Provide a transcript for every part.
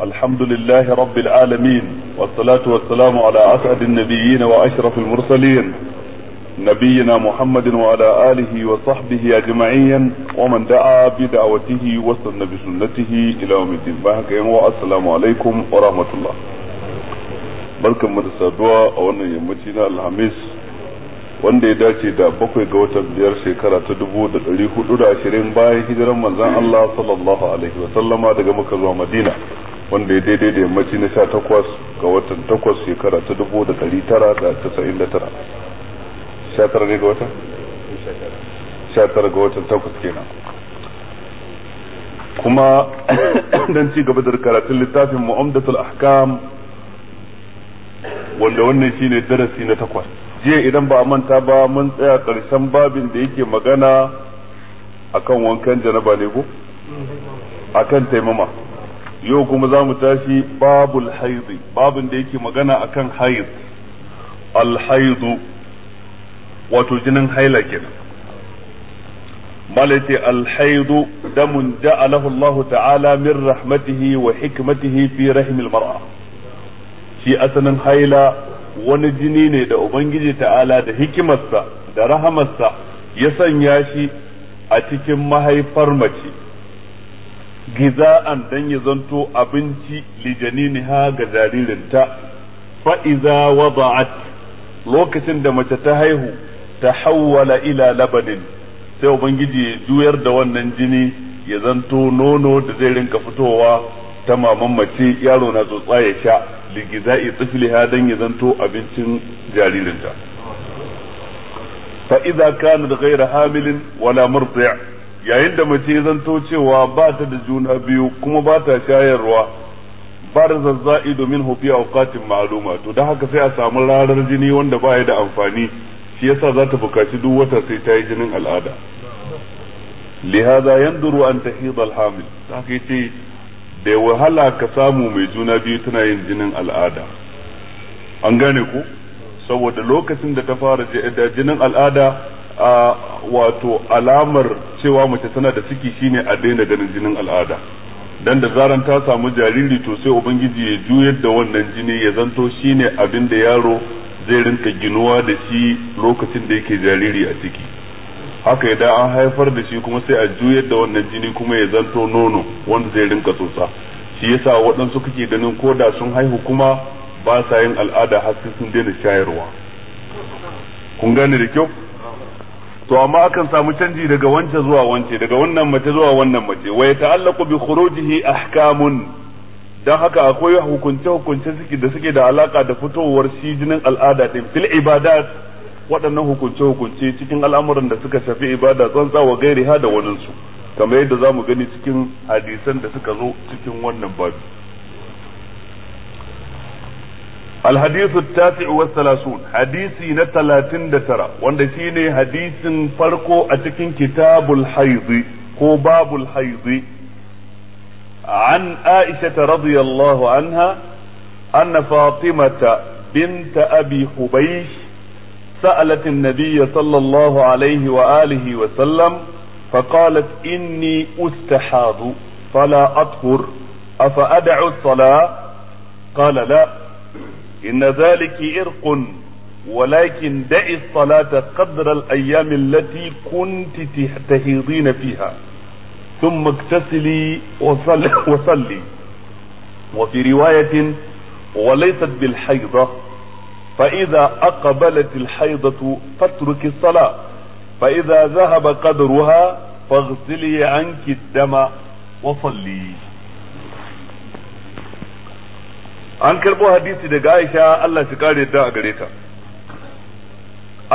الحمد لله رب العالمين والصلاة والسلام على أسعد النبيين وأشرف المرسلين نبينا محمد وعلى آله وصحبه أجمعين ومن دعا بدعوته وسن بسنته إلى يوم الدين والسلام عليكم ورحمة الله بركة مدسادوا أولا يمتنا الحميس wanda ya dace da bakwai ga watan biyar shekara ta dubu da ɗari hudu da ashirin bayan hijiran manzan Allah sallallahu alaihi wasallama daga muka zuwa Madina wanda ya daidai da yammaci na sha takwas ga watan takwas shekara ta dubu da ɗari tara da casa'in da tara sha tara ne ga watan? sha tara ga watan takwas kenan kuma dan ci gaba da karatun littafin mu'amdatul ahkam wanda wannan shine darasi na takwas jiya idan ba a manta ba mun tsaya karshen babin da yake magana akan wankan janaba ne ko akan taimama yau kuma za mu tashi babul haizi babin da yake magana akan haiz alhaizu wato jinin haila kenan malaiti alhaidu damun ja'alahu Allah ta'ala min rahmatihi wa hikmatihi fi rahimil mar'a shi asalin haila wani jini ne da ubangiji ta'ala da hikimarsa da rahamarsa ya sanya shi a cikin mahaifar mace giza'an dan ya zanto abinci ha ga jaririnta fa iza wada'at lokacin da mace ta haihu ta hawwala ila labanin sai ubangiji ya juyar da wannan jini ya zanto nono da zai rinka fitowa ta maman mace yaro na tsotsa ya sha ligiza'i ha dan ya zanto abincin jaririnta fa'iza iza da gaira hamilin wala murdi' yayin da mace zanto cewa ba ta da juna biyu kuma ba ta shayarwa ba da zazza'i domin hufi a wakatin ma'aluma to da haka sai a samu rarar jini wanda ba ya da amfani shi yasa za ta bukaci duk wata sai ta yi jinin al'ada lihaza yanduru an tahid alhamil ta haka ce da wahala ka samu mai juna biyu tana yin jinin al'ada an gane ku saboda lokacin da ta fara jinin al'ada wato alamar cewa mace tana da ciki shine a daina ganin jinin al'ada dan da zaran ta samu jariri to sai ubangiji ya juyar da wannan jini ya zanto shine abin da yaro zai rinka ginuwa da shi lokacin da yake jariri a ciki haka idan an haifar da shi kuma sai a juyar da wannan jini kuma ya zanto nono wanda zai rinka tsotsa shi yasa waɗansu kake ganin ko da sun haihu kuma ba sa yin al'ada har sai sun daina shayarwa kun gane da kyau to amma akan samu canji daga wance zuwa wance daga wannan mace zuwa wannan mace wa ya ta'allaqu bi khurujihi ahkamun dan haka akwai hukunce hukunce suke da suke da alaka da fitowar shi jinin al'ada din fil ibadat waɗannan hukunce hukunce cikin al'amuran da suka shafi ibada tsantsa wa ha da waninsu kamar yadda zamu gani cikin hadisan da suka zo cikin wannan babu الحديث التاسع والثلاثون حديثي نتلاتين دترا واندسيني حديث فرقو أتكين كتاب الحيض هو باب الحيض عن عائشة رضي الله عنها أن فاطمة بنت أبي حبيش سألت النبي صلى الله عليه وآله وسلم فقالت إني أستحاض فلا أطهر أفأدع الصلاة قال لا إن ذلك إرق ولكن دعي الصلاة قدر الأيام التي كنت تهيضين فيها ثم اغتسلي وصلي, وصلي وفي رواية وليست بالحيضة فإذا أقبلت الحيضة فاترك الصلاة فإذا ذهب قدرها فاغسلي عنك الدم وصلي an karbo hadisi daga Aisha Allah shi kare ta a gare ta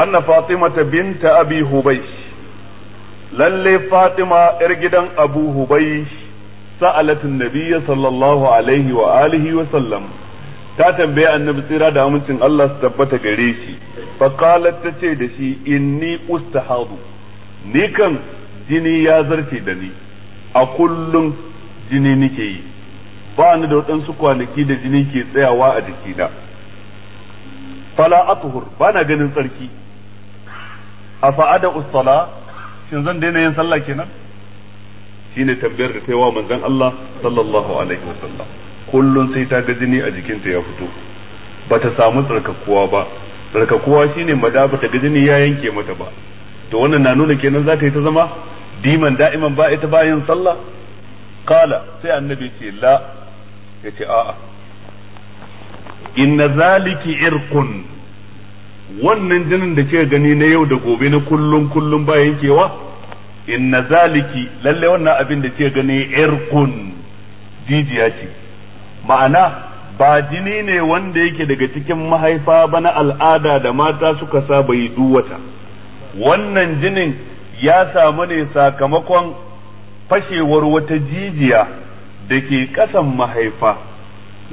anna Fatima ta binta Abi Hubaysh lalle Fatima yar gidan Abu Hubaysh sa'alatun nabiy sallallahu alaihi wa alihi wa sallam ta tambaye annabi tsira da amincin Allah su tabbata gare shi fa qalat ce da shi inni ustahabu ni kan jini ya zarce da ni a kullum jini nike yi ba ni da waɗansu kwanaki da jini ke tsayawa a jikina fala atuhur ba na ganin tsarki a fa'ada ustala shin zan daina yin sallah kenan shine tambayar da kaiwa manzon Allah sallallahu alaihi wasallam kullun sai ta ga jini a jikinta ya fito bata samu tsarkakuwa ba tsarkakuwa shine mada bata ga jini ya yanke mata ba to wannan na nuna kenan za ta yi ta zama diman da'iman ba ita bayan sallah kala sai annabi ce la yace a'a inna zaliki irqun wannan jinin da ke gani na yau da gobe na kullun kullun ba yankewa inna zaliki lalle wannan abin da ke gani irqun jijiya ce ma'ana ba jini ne wanda yake daga cikin mahaifa ba na al'ada da mata suka saba yi duwata wannan jinin ya samu ne sakamakon fashewar wata jijiya da ke kasan mahaifa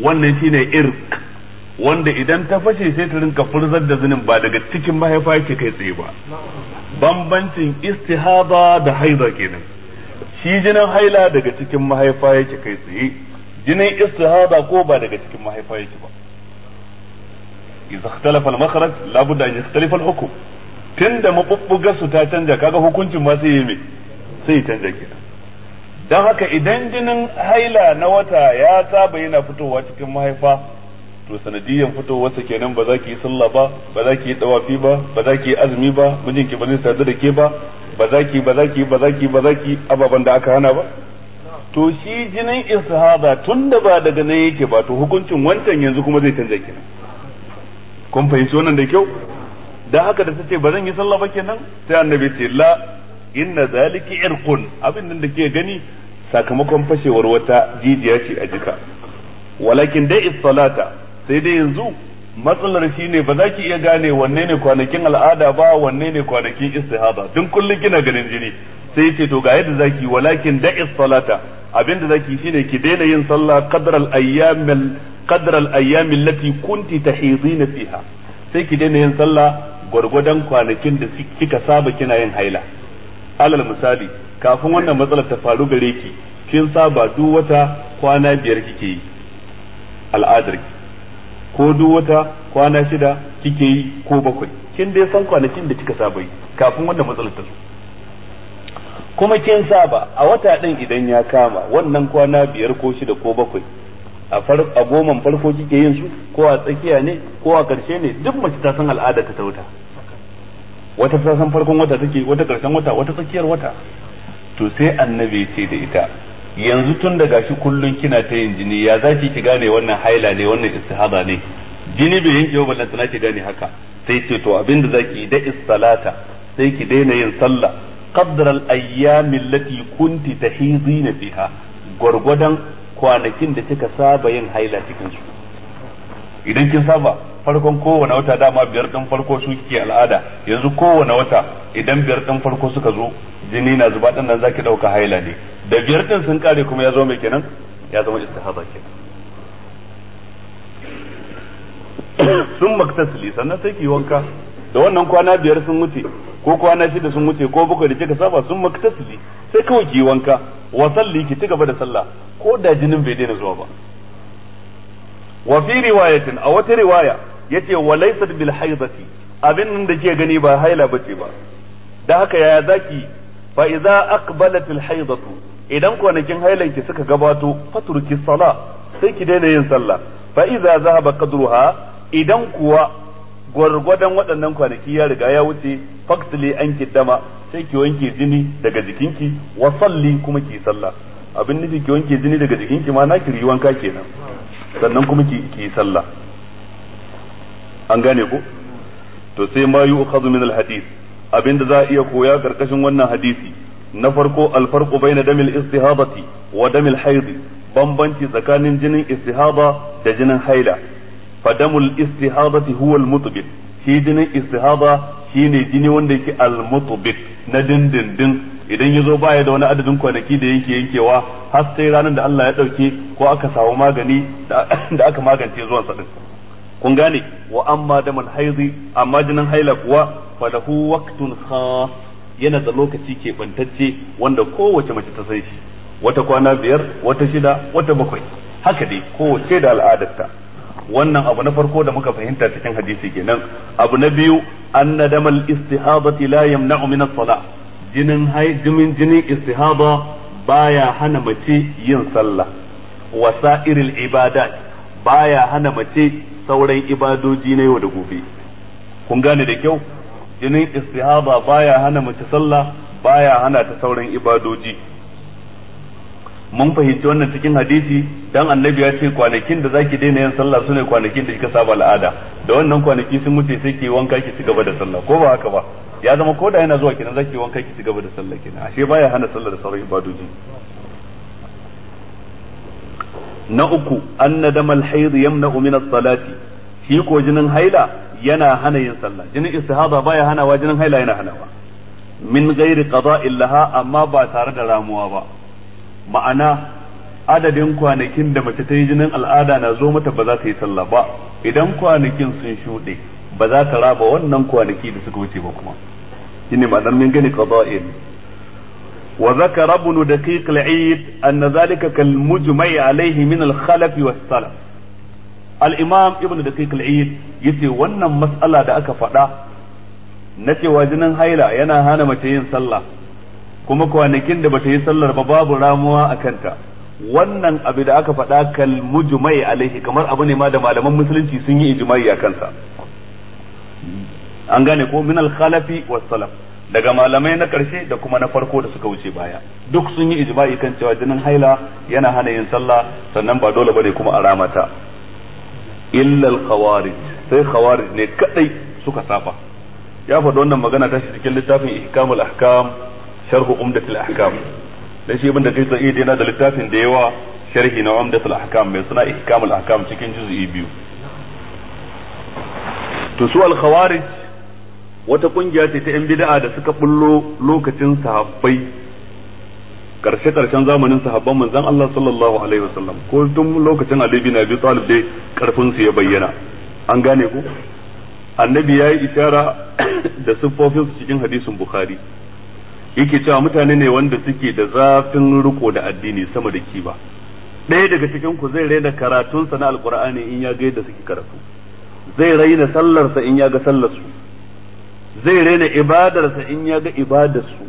wannan shine irk wanda idan ta fashe sai ta rinka furzar da zinin ba daga cikin mahaifa yake kai tsaye ba bambancin istihada da haida kenan shi jinin haila daga cikin mahaifa yake kai tsaye jinin istihada ko ba daga cikin mahaifa yake ba idza ikhtalafa al-makhraj la budda an yakhtalifa al-hukm tunda mabubbuga su ta canja kaga hukuncin ma sai yi me sai canja kenan don haka idan jinin haila na wata ya saba yana fitowa cikin mahaifa to sanadiyan fitowarsa kenan ba za ki yi sallah ba ba za ki yi tawafi ba ba za ki yi azumi ba mijinki ba zai sadu da ke ba ba za ki ba za ki ba za ki ba za ki ababen da aka hana ba to shi jinin ishada tun da ba daga nan yake ba to hukuncin wancan yanzu kuma zai canza kenan kun fahimci wannan da kyau da haka da ta ce ba zan yi sallah ba kenan sai annabi ce la inna zalika irqun abin nan da ke gani sakamakon fashewar wata jijiya ce a jika walakin dai salata sai dai yanzu matsalar shine ba za ki iya gane wanne ne kwanakin al'ada ba wanne ne kwanakin istihada duk kullum kina ganin jini sai ce to ga yadda zaki walakin da'i salata da zaki shine ki daina yin sallah qadra al-ayyam qadra al-ayyam allati kunti fiha sai ki daina yin sallah gwargwadon kwanakin da kika saba kina yin haila alal misali kafin wannan matsalar ta faru gare ki kin saba duk wata kwana biyar kike yi al'adar ki ko duk wata kwana shida kike yi ko bakwai kin dai san kwanakin da kika saba yi kafin wannan matsalar ta zo kuma kin saba a wata din idan ya kama wannan kwana biyar ko shida ko bakwai a a goman farko kike yin su ko a tsakiya ne ko a ƙarshe ne duk mace ta san al'ada ta ta wuta wata sasan farkon wata take wata karshen wata wata tsakiyar wata to sai annabi ce da ita yanzu tun da gashi kullun kina ta yin jini ya zaki ki gane wannan haila ne wannan istihada ne jini bai yanke ba ballan tana ki gane haka sai ce to abinda zaki da istalata sai ki daina yin sallah qadra al ayyam allati kunti tahizina fiha gwargwadon kwanakin da kika saba yin haila cikin su idan kin saba farkon kowane wata dama biyar din farko su ke al'ada yanzu kowane wata idan biyar din farko suka zo jini na zuba din nan zaki dauka haila ne da biyar din sun kare kuma ya zo mai kenan ya zama istihaza kenan sun maktasili sannan sai ki wanka da wannan kwana biyar sun wuce ko kwana shida sun wuce ko bakwai da kika saba sun maktasili sai kawai ki wanka wa salli ki ci gaba da sallah ko da jinin bai daina zuwa ba wa fi riwayatin a wata riwaya yace wa laysat bil haidati abin nan da ke gani ba haila bace ba da haka yaya zaki fa idza aqbalat al haidatu idan kwanakin hailan ki suka gabato faturki sala sai ki daina yin sallah fa idza zahaba qadruha idan kuwa gwargwadon waɗannan kwanaki ya riga ya wuce faksili an dama sai ki wanke jini daga jikinki wa salli kuma ki sallah abin nufi ki wanke jini daga jikinki ma na ki wanka kenan sannan kuma ki yi sallah an gane ko to sai ma yu'khadhu min alhadith abinda za a iya koya karkashin wannan hadisi na farko alfarqu bayna damil istihabati wa damil haid bambanci tsakanin jinin istihaba da jinin haila fa damul istihabati huwa almutabbit shi jinin istihaba shine jini wanda yake almutabbit na dindindin idan ya zo baya da wani adadin kwanaki da yake yankewa har sai ranar da Allah ya dauke ko aka samu magani da aka magance zuwan sa kun gane wa amma mal haizi amma jinin haila kuwa hu waqtun khas yana da lokaci ke bantacce wanda kowace mace ta sai shi wata kwana biyar wata shida wata bakwai haka dai kowace da al'adarta wannan abu na farko da muka fahimta cikin hadisi kenan abu na biyu anna damal istihadati la yamna'u min as-salah jinin hay jinin jinin istihada baya hana mace yin sallah wasa'iril ibadat baya hana mace sauran ibadoji na yau da gobe kun gane da kyau jinin istihaba baya hana mace sallah baya hana ta sauran ibadoji mun fahimci wannan cikin hadisi dan annabi ya ce kwanakin da zaki daina yin sallah sune kwanakin da kika saba al'ada da wannan kwanaki sun wuce sai ki wanka ki cigaba da sallah ko ba haka ba ya zama ko da yana zuwa kenan zaki wanka ki cigaba da sallah kenan ashe baya hana sallah da sauran ibadoji na uku anna damal haid yamna'u min as-salati shi ko jinin haila yana hana yin sallah jinin istihada baya hanawa jinin haila yana hanawa min gairi kaza laha amma ba tare da ramuwa ba ma'ana adadin kwanakin da mace ta yi jinin al'ada na zo mata ba za ta yi sallah ba idan kwanakin sun shuɗe ba za ta raba wannan kwanaki da suka wuce ba kuma shine ma'anar min gani qada'in وذكر ابن دقيق العيد أن ذلك كالمجمع عليه من الخلف والسلف الإمام ابن دقيق العيد يتي ونن مسألة دا أكا فدا نتي واجنا هايلا ينا هانا متين صلى كما كوانكين دا بتين صلى رباب راموا أكنتا wannan abu da aka كالمجمع عليه mujmai alaihi kamar abu ne ma da malaman musulunci sun yi ijma'i a kansa an daga malamai na karshe da kuma na farko da suka wuce baya duk sun yi ijma'i kan cewa jinin haila yana hana yin sallah sannan ba dole bane kuma a ramata illa al-khawarij sai khawarij ne kadai suka safa ya faɗi wannan magana ta cikin littafin ihkamul ahkam sharh umdatul ahkam dan shi da kai sa'id yana da littafin da yawa sharhi na umdatul ahkam mai suna ihkamul ahkam cikin juz'i biyu to su al-khawarij wata kungiya ce ta yan bid'a da suka bullo lokacin sahabbai karshe karshen zamanin sahabban manzon Allah sallallahu alaihi wasallam ko tun lokacin Ali bin Abi Talib dai karfin su ya bayyana an gane ko annabi yayi isara da siffofin su cikin hadisin Bukhari yake cewa mutane ne wanda suke da zafin riko da addini sama da kiba ɗaya daga cikin ku zai raina karatunsa na alkur'ani in ya ga yadda suke karatu zai raina sallarsa in ya ga sallarsu zai rena ibadarsa in ya ga ibadarsu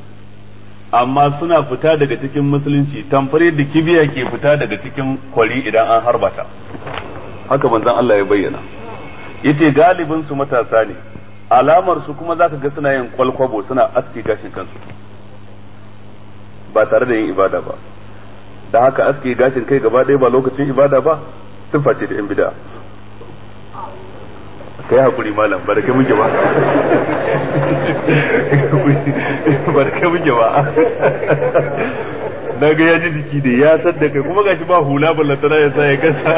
amma suna fita daga cikin musulunci tamfari da kibiya ke fita daga cikin kwari idan an harbata haka manzon Allah ya bayyana yace galibin su matasa ne alamar su kuma zaka ga suna yin kwalkwabo suna aski gashin kansu ba tare da yin ibada ba da haka aski gashin kai gaba ɗaya ba lokacin ibada ba sifa ce da yan bid'a kai hakuri malam ba da kai muke ba ba da kai muke ba na ga ya ji jiki da ya san da kai kuma gashi ba hula ballantana ya sa ya kasa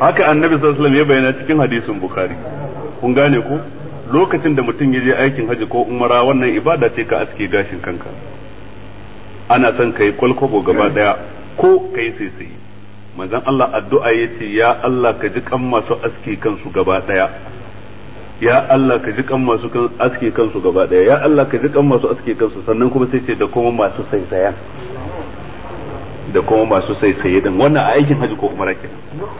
haka annabi sallallahu ya bayyana cikin hadisin bukhari kun gane ko lokacin da mutum ya je aikin haji ko umara wannan ibada ce ka aske gashin kanka ana son kai kwalkwabo gaba daya ko kai sai manzon Allah addu'a yace ya Allah ka ji kan masu aski kansu gaba daya ya Allah ka ji kan masu aski kansu gaba daya ya Allah ka ji kan masu aski kansu sannan kuma sai ce da kuma masu saisaya da kuma masu saisaye din wannan a aikin haji ko kuma kenan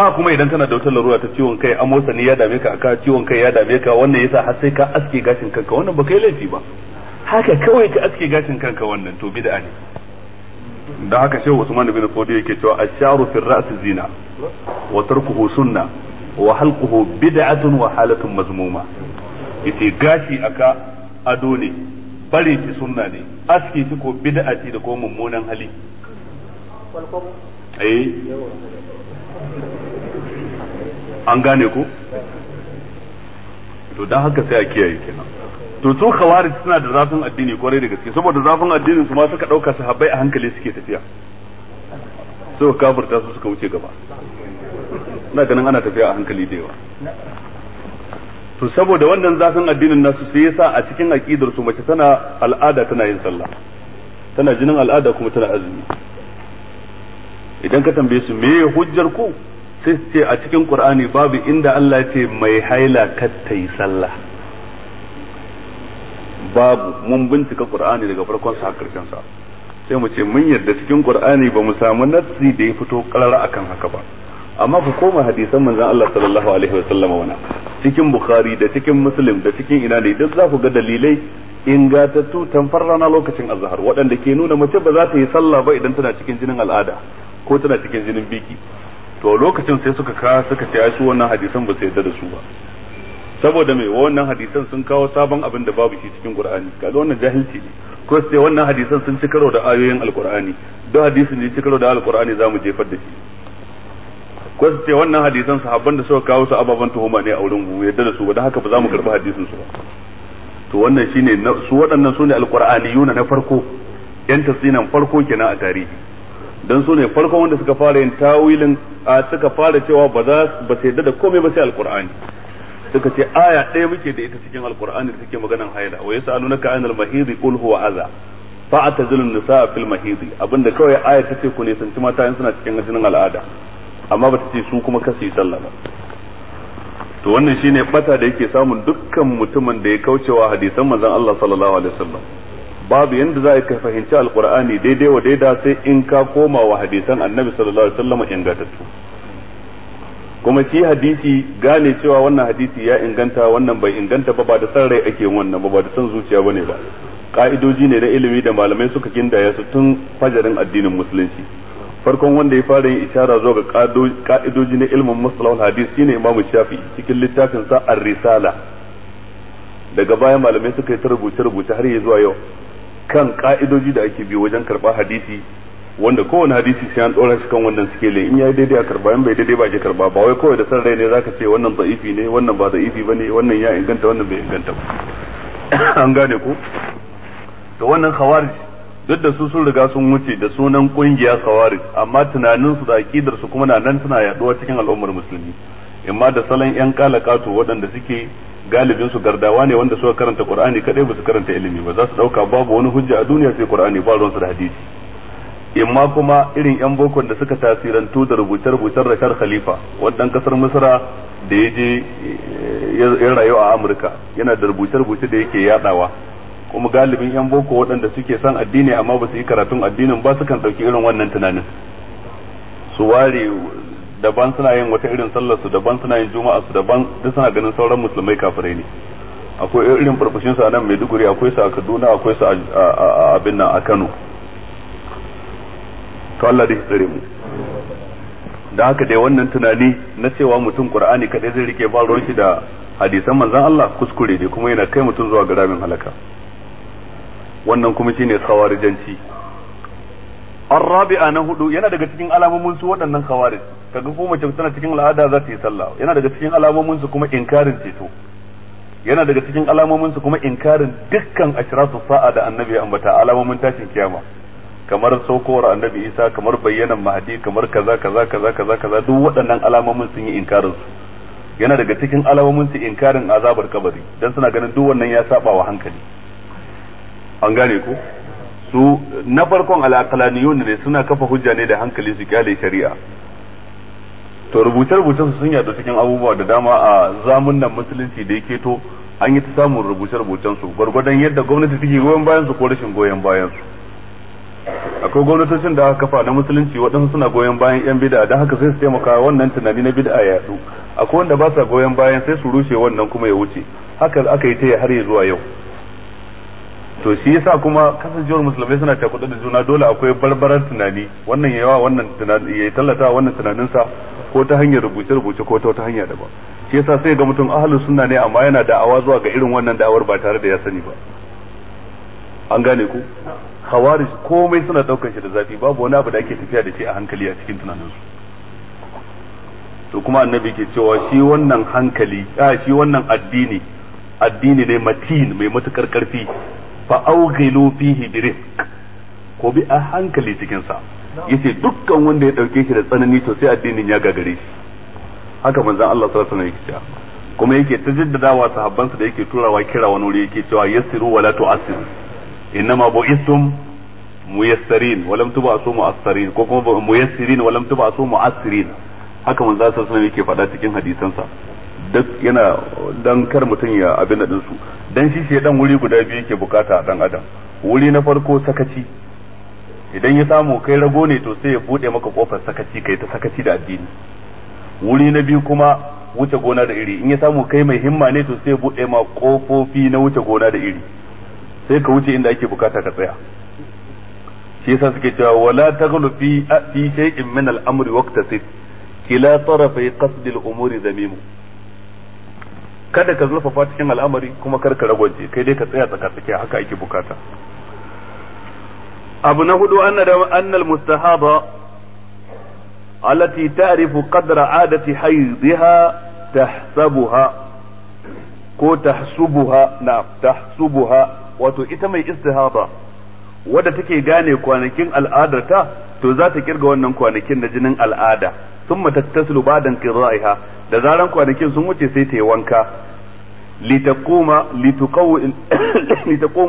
ha kuma idan kana da wata larura ta ciwon kai motsa ni ya dame ka aka ciwon kai ya dame ka wannan yasa har sai ka aske gashin kanka wannan ba kai laifi ba haka kawai ka aske gashin kanka wannan to bid'a ne da haka shehu Usman bin Fodi yake cewa asharu fi ra's zina wa tarkuhu sunna wa halquhu bid'atun wa halatun mazmuma yace gashi aka ado ne bare shi sunna ne aske shi ko bid'ati da ko mummunan hali eh an gane ko to dan haka sai a kiyaye kenan to su khawarij suna da zafin addini kwarai da gaske saboda zafin addinin su ma suka dauka habbai a hankali suke tafiya suka kafirta su suka wuce gaba ina ganin ana tafiya a hankali da yawa to saboda wannan zafin addinin nasu sai yasa a cikin aqidar su mace tana al'ada tana yin sallah tana jinin al'ada kuma tana azumi idan ka tambaye su meye hujjar ku sai su ce a cikin qur'ani babu inda Allah ya ce mai haila kar ta yi sallah babu mun bincika qur'ani daga farkon sa karshen sa sai mu ce mun yarda cikin qur'ani ba mu samu nassi da ya fito karara akan haka ba amma ku koma hadisan manzon Allah sallallahu alaihi wa sallama wana cikin bukhari da cikin muslim da cikin ina ne duk za ku ga dalilai ingatattu tamfar farrana lokacin azhar waɗanda ke nuna mace ba za ta yi sallah ba idan tana cikin jinin al'ada ko tana cikin jinin biki to lokacin sai suka ka suka ce shi wannan hadisan ba sai yarda da su ba saboda mai wannan hadisan sun kawo sabon abin da babu shi cikin qur'ani kaga wannan jahilci ne ko sai wannan hadisan sun ci karo da ayoyin alqur'ani duk hadisin da ya ci karo da alqur'ani zamu jefar da shi ko sai wannan hadisan sahabban da suka kawo su ababan tuhuma ne a wurin mu yadda da su ba haka ba za mu karbi hadisin su ba to wannan shine su waɗannan sune alqur'aniyuna na farko yan tasinan farko kenan a tarihi dan su ne farkon wanda suka fara yin tawilin a suka fara cewa ba za ba sai da komai ba sai alqur'ani suka ce aya ɗaya muke da ita cikin alkur'ani da take maganan haila wa yasalunaka anil mahidi qul huwa adha fa atazilu a fil mahidi abinda kawai aya ta ce ku ne santi mata suna cikin jinin al'ada amma bata ce su kuma kasu yi sallah ba to wannan shine bata da yake samun dukkan mutumin da ya kaucewa hadisan manzon Allah sallallahu alaihi wasallam babu yanda za ka fahimci alkur'ani daidai wa daida sai in ka koma wa hadisan annabi sallallahu alaihi wasallam ingantattu kuma shi hadisi gane cewa wannan hadisi ya inganta wannan bai inganta ba ba da san rai ake wannan ba ba da san zuciya bane ba ka'idoji ne na ilimi da malamai suka gindaya su tun fajarin addinin musulunci farkon wanda ya fara yin ishara zuwa ga ka'idoji na ilimin mustalahul hadis shine Imam Shafi cikin littafin sa Ar-Risala daga baya malamai suka yi ta rubuce rubuce har zuwa yau kan ka'idoji da ake bi wajen karba hadisi wanda kowane hadisi sai an dora shi kan wannan sikele in yayi daidai a karba in bai daidai ba shi karba ba wai kawai da san rai ne zaka ce wannan da'ifi ne wannan ba da'ifi bane wannan ya inganta wannan bai inganta ba an gane ko to wannan khawarij duk da su sun riga sun wuce da sunan kungiya khawarij amma tunanin su da akidar su kuma nan suna yaduwa cikin al'ummar musulmi amma da salon yan kalakatu waɗanda suke galibin su gardawa ne wanda suka karanta qur'ani kadai ba su karanta ilimi ba za su dauka babu wani hujja a duniya sai qur'ani ba ruwan su da hadisi yamma kuma irin yan bokon da suka tasirantu da rubuce da rashar khalifa wadan kasar misra da ya je ya rayu a amurka yana da rubuce-rubuce da yake yadawa kuma galibin yan boko wadanda suke son addini amma ba su yi karatun addinin ba su kan ɗauki irin wannan tunanin su ware daban suna yin wata irin sallar su daban suna yin juma'a su daban duk suna ganin sauran musulmai kafirai ne akwai irin farfashin su a nan maiduguri akwai su a kaduna akwai su a abin nan a kano to Allah da tsare mu da haka dai wannan tunani na cewa mutum qur'ani kadai zai rike ba ruwan shi da hadisan manzon Allah kuskure ne kuma yana kai mutum zuwa ga ramin halaka wannan kuma shine khawarijanci na hudu yana daga cikin alamomin su waɗannan khawarij kaga ko mace tana cikin al'ada za ta yi sallah yana daga cikin alamomin su kuma inkarin ceto yana daga cikin alamomin su kuma inkarin dukkan ashratu sa'a da annabi ambata alamomin tashin kiyama kamar saukowar annabi isa kamar bayyanan mahadi kamar kaza kaza kaza kaza kaza duk waɗannan alamomin sun yi inkarin su yana daga cikin alamomin su inkarin azabar kabari dan suna ganin duk wannan ya saba wa hankali an gane ku su na farkon al'aqlaniyun ne suna kafa hujja ne da hankali su kyale shari'a to rubuce-rubuce su sun yadu cikin abubuwa da dama a zamunan musulunci da yake to an yi ta samun rubuce-rubucen su gwargwadon yadda gwamnati take goyon bayan su ko rashin goyon bayan su akwai gwamnatocin da aka kafa na musulunci waɗansu suna goyon bayan yan bid'a don haka sai su taimaka wannan tunani na bid'a ya yadu akwai wanda ba sa goyon bayan sai su rushe wannan kuma ya wuce haka aka yi ta har ya zuwa yau to shi yasa kuma kasancewar musulmai suna cakuɗa da juna dole akwai barbarar tunani wannan yawa wannan tunani ya tallata wannan tunaninsa ko ta hanyar rubuce rubuce ko ta wata hanya daban shi yasa sai ga mutum ahalu suna ne amma yana da'awa zuwa ga irin wannan da'awar ba tare da ya sani ba an gane ku khawarij komai suna daukar shi da zafi babu wani abu da ake tafiya da shi a hankali a cikin tunaninsu to kuma annabi ke cewa shi wannan hankali a shi wannan addini addini ne matin mai matukar karfi fa aughilu fihi bi ko bi a hankali cikin sa yace dukkan wanda ya dauke shi da tsanani to sai addinin ya gagare shi haka manzon Allah sallallahu alaihi wasallam kuma yake tajaddadawa sahabbansa da yake turawa kira wani wuri yake cewa yassiru wala tu'assiru innama bu'istum muyassirin wa lam tub'asu muassirin ko kuma muyassirin wa lam tub'asu mu'assirin haka manzo sallallahu alaihi wasallam yake faɗa cikin hadisansa duk yana dan kar mutun ya abin da su dan shi shi dan wuri guda biyu yake bukata dan adam wuri na farko sakaci idan ya samu kai rago ne to sai ya bude maka kofar sakaci kai ta sakaci da addini wuri na biyu kuma wuce gona da iri in ya samu kai mai himma ne to sai ya bude ma kofofi na wuce gona da iri sai ka wuce inda ake bukata ka tsaya shi yasa suke cewa wala taghlu fi fi shay'in min al-amri waqtasid kila tarafi qasd al-umuri zamimu kada ka zurfafa cikin al'amari kuma kar ka ragwance kai dai ka tsaya tsaka tsakiya haka ake bukata abu na hudu anna da annal mustahaba allati ta'rifu qadra adati haydha tahsabuha ko tahsubuha na tahsubuha wato ita mai istihaba wadda take gane kwanakin al'adarta to za ta kirga wannan kwanakin na jinin al'ada sun matattasilu badan qiraiha da zaran kwanakin sun wuce sai ta yi wanka litakuma lituqaw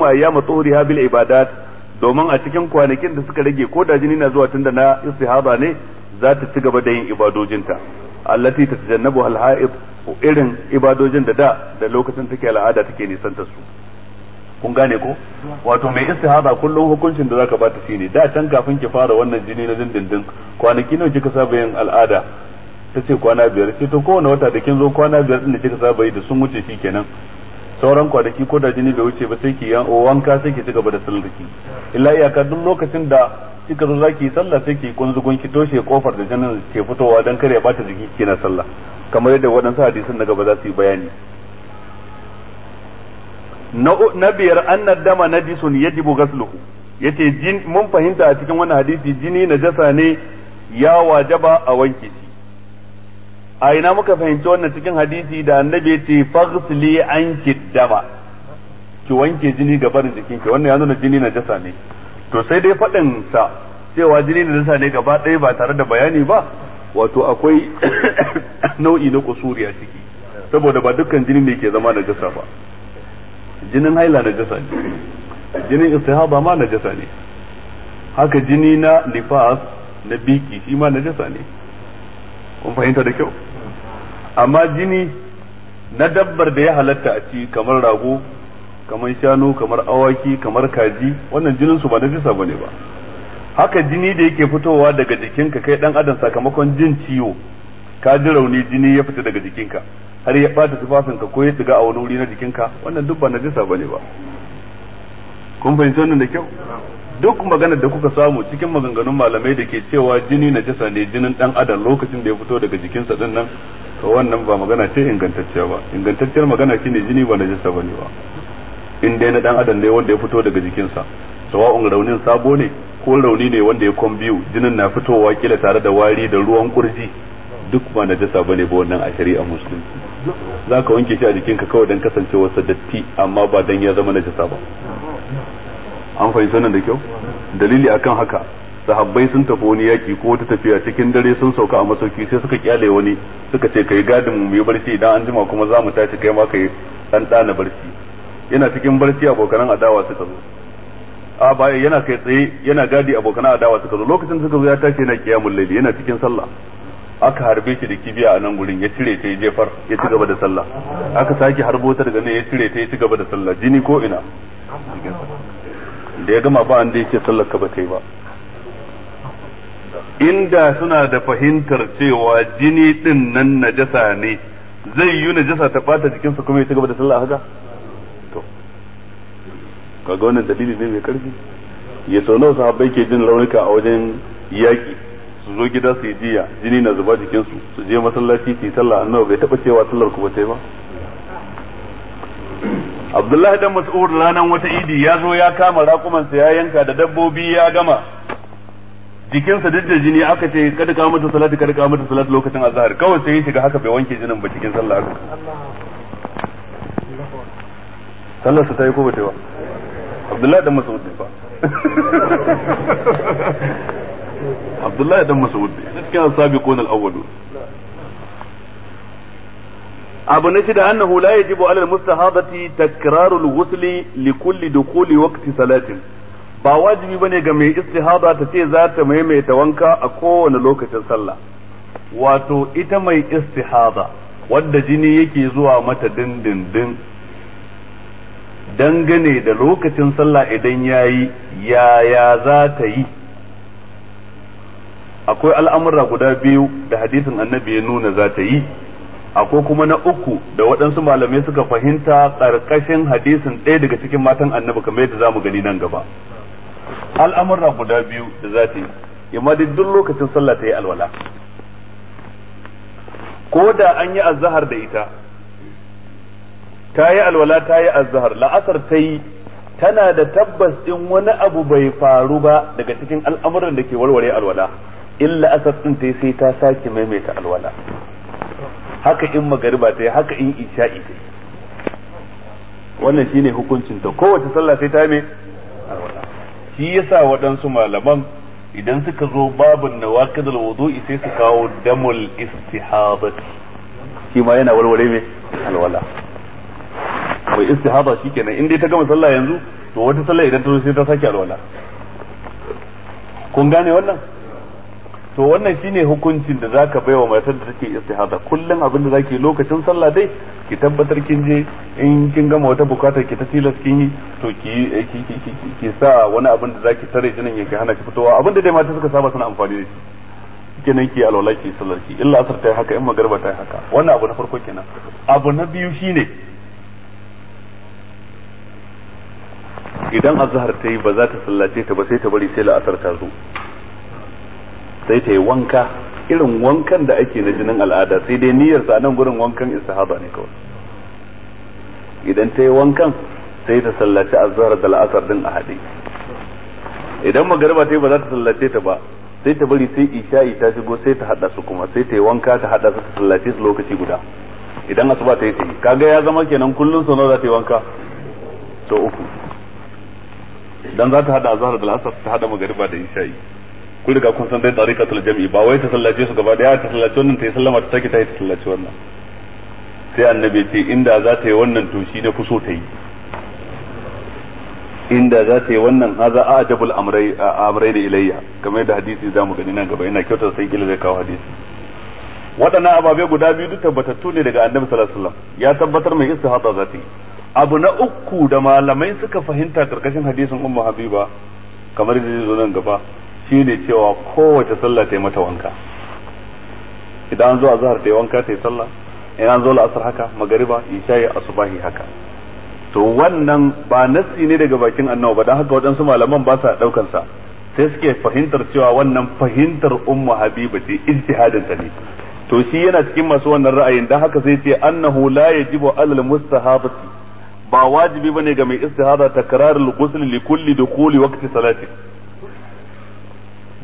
ya tuhriha bil ibadat domin a cikin kwanakin da suka rage ko da jini na zuwa tunda na istihaba ne za ta ci gaba da yin ibadojinta allati ta al ha'id irin ibadojin da da da lokacin take al'ada take ta su kun gane ko wato mai istihada kullum hukuncin da zaka bata shine da can kafin ki fara wannan jini na dindindin kwanaki nawa kika saba yin al'ada ta ce kwana biyar ce to kowane wata da kin zo kwana biyar din da kika saba yi da sun wuce shi kenan sauran kwanaki ko da jini bai wuce ba sai ki yan wanka sai ki ci gaba da sallaki illa iyaka duk lokacin da kika zo zaki yi sallah sai ki kunzugun ki toshe kofar da jinin ke fitowa dan kare ya bata jiki kina sallah kamar yadda waɗansu hadisin daga ba za su yi bayani na biyar annad dama najisun yajibu gasluhu yace ce mun fahimta a cikin wannan hadisi jini na jasa ne ya wajaba a wanke shi a ina muka fahimci wannan cikin hadisi da annabi yace an ki dama ki wanke jini ga barin ki wannan ya nuna jini na jasa ne to sai dai faɗin sa cewa jini na jasa ne gaba ɗaya ba tare da bayani ba wato akwai nau'i na kusuri a ciki saboda ba dukkan jini ne ke zama jasa ba jinin haila na jasa ne jinin istihaba ma na jasa ne haka jini na nifas na biki shi ma na jasa ne kun fahimta da kyau amma jini na dabbar da ya halatta a ci kamar rago kamar shanu kamar awaki kamar kaji wannan jinin su ba na jasa bane ba haka jini da yake fitowa daga jikinka kai dan adam sakamakon jin ciwo ka ji rauni jini ya fita daga jikinka har ya bata tufafin ka ko ya shiga a wani wuri na jikinka wannan duk ba jisa bane ba kun fahimci wannan da kyau duk maganar da kuka samu cikin maganganun malamai da ke cewa jini jisa ne jinin dan adam lokacin da ya fito daga jikinsa din nan to wannan ba magana ce ingantacciya ba ingantacciyar magana shine jini ba jisa bane ba in dai na dan adam ne wanda ya fito daga jikinsa sawa'un raunin sabo ne ko rauni ne wanda ya kwan biyu jinin na fitowa kila tare da wari da ruwan kurji duk ba jisa bane ba wannan a shari'a musulunci za ka wanke shi a jikinka kawai don kasancewa datti amma ba don ya zama na najasa ba an fahimta nan da kyau dalili akan haka sahabbai sun tafi wani yaki ko wata tafiya cikin dare sun sauka a masauki sai suka kyale wani suka ce kai gadin mu yi barci idan an jima kuma za mu tashi kai ma kai dan dana barci yana cikin barci abokan adawa suka zo a baya yana kai tsaye yana gadi abokan adawa suka zo lokacin suka zo ya tashi yana kiyamul laifi yana cikin sallah aka harbe shi da kibiya a nan gurin ya cire ta ya jefar ya ci gaba da sallah aka sake harbo ta daga nan ya cire ta ya ci gaba da sallah jini ko ina da ya gama ba an da yake sallar ka ba ta yi ba inda suna da fahimtar cewa jini din nan najasa ne zai yi najasa ta bata jikinsa kuma ya ci gaba da sallah haka to kaga wannan dalili ne mai karfi ya sau nawa sahabbai ke jin raunuka a wajen yaki su zo gida su yi jiya jini na zuba jikin su su je masallaci su yi sallah annabi bai taba cewa sallar ku ba ta ba Abdullahi dan Mas'ud ranan wata idi ya zo ya kama raƙumansa ya yanka da dabbobi ya gama jikinsa duk da jini aka ce kada ka mata salati kada ka mata salati lokacin azhar kawai sai ya shiga haka bai wanke jinin ba cikin sallah haka sallar sa ta yi ko ba ta yi ba Abdullahi dan Mas'ud ne ba abdullahi dan mas'ud ne cikin sabiqun al abu na shida annahu la yajibu ala al-mustahadati takraru al-ghusli li kulli dukhuli waqti salatin ba wajibi bane ga mai istihada ta ce za ta maimaita wanka a kowane lokacin sallah wato ita mai istihada wadda jini yake zuwa mata dindindin dangane da lokacin sallah idan yayi yaya za ta yi akwai al'amura guda biyu da hadisin annabi ya nuna za ta yi akwai kuma na uku da waɗansu malamai suka fahimta ƙarƙashin hadisin ɗaya daga cikin matan annabi kamar yadda za mu gani nan gaba al'amura guda biyu da za ta yi imma duk lokacin sallah ta yi alwala ko da an yi azahar da ita ta yi alwala ta yi azahar la'asar ta yi tana da tabbas ɗin wani abu bai faru ba daga cikin al'amuran da ke warware alwala in la'asar din ta sai ta sake maimaita alwala haka in magariba ta yi haka in isha'i ta yi wannan shine hukuncin ta kowace sallah sai ta mai alwala shi yasa waɗansu malaman idan suka zo babin nawaqidul wudu sai su kawo damul istihabati shi ma yana warware mai alwala mai shi kenan in dai ta gama sallah yanzu to wata sallah idan ta zo sai ta sake alwala kun gane wannan to wannan shine hukuncin da zaka baiwa matar da take istihada kullum abin da zake lokacin sallah dai ki tabbatar kin je in kin gama wata bukata ki ta tilas kin yi to ki ki sa wani abin da zake tare jinin yake hana ki fitowa abin da dai mata suka saba suna amfani da shi kenan ki alwala ki sallar ki illa asar ta haka in magarba ta haka wannan abu na farko kenan abu na biyu shine idan azhar tayi ba za ta sallace ta ba sai ta bari sai la'asar ta zo sai ta yi wanka irin wankan da ake na jinin al'ada sai dai niyyar sa nan gurin wankan istihaba ne kawai idan ta yi wankan sai ta sallaci azhar da al'asar din a haɗe idan magariba ta yi ba za ta sallace ta ba sai ta bari sai isha'i ta shigo sai ta hada su kuma sai ta yi wanka ta hada su ta sallace su lokaci guda idan asuba ta yi ta yi kaga ya zama kenan kullun sau za ta yi wanka to uku dan za ta hada azhar da al'asar ta hada magariba da isha'i kun riga kun san dai tariqatul jam'i ba wai ta sallace su gaba daya ta sallace wannan ta yi sallama ta take ta yi ta sallace wannan sai annabi ce inda za ta yi wannan to shi na kuso ta yi inda za ta yi wannan haza ajabul amrai amrai da ilayya kamar yadda hadisi za mu gani nan gaba ina kyautar sai kila zai kawo hadisi waɗannan ababe guda biyu duk tabbatattu ne daga annabi sallallahu alaihi wasallam ya tabbatar mai istihada za ta yi abu na uku da malamai suka fahimta karkashin hadisin ummu habiba kamar yadda zai zo nan gaba shine cewa kowace sallah ta yi mata wanka idan an zo zahar ta yi wanka ta yi sallah idan zo la'asar haka magariba ya asubahi haka to wannan ba nassi ne daga bakin annabi ba dan haka waɗansu malaman ba sa ɗaukan sa sai suke fahimtar cewa wannan fahimtar umma habiba ce ijtihadin ta ne to shi yana cikin masu wannan ra'ayin dan haka sai ce annahu la yajibu alal mustahabati ba wajibi bane ga mai istihada takrarul ghusl li kulli dukhuli waqti salati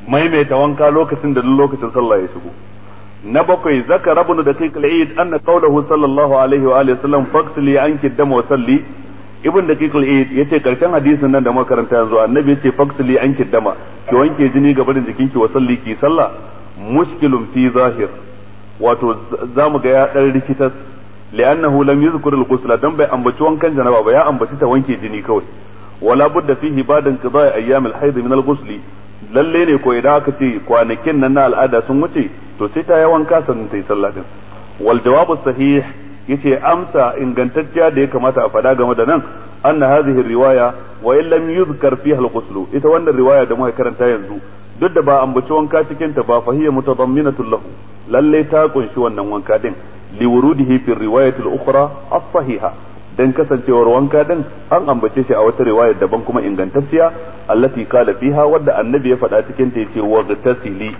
maimaita wanka lokacin da lokacin sallah ya shigo na bakwai zakara ibn daqiq al-eid anna qawluhu sallallahu alaihi wa alihi wasallam faksili anki dama wa salli ibn daqiq al ya yace karshen hadisin nan da muka karanta yanzu annabi yace faksili anki dama ki wanke jini ga barin jikinki wa salli ki sallah mushkilun fi zahir wato zamu ga ya dan rikitas li'annahu lam yuzkur al-ghusla dan bai ambaci wankan janaba ba ya ambaci ta wanke jini kawai wala budda fihi badan qida'i ayyam al-hayd min al-ghusli lalle ne ko idan aka ce kwanakin nan na al'ada sun wuce to sai ta yi wanka sannan ta yi sallah din wal jawabu sahih yace amsa ingantacciya da ya kamata a fada game da nan anna hadhihi riwaya wa in lam yuzkar fiha al ita wannan riwaya da muka karanta yanzu duk da ba ambaci wanka cikin ta ba fa hiya lahu lalle ta kunshi wannan wanka din li wurudihi fi riwayati al-ukhra as-sahiha dan kasancewar wanka din an ambace shi a wata riwaya daban kuma ingantacciya allati kala fiha wadda annabi ya faɗa cikin ta yace tasili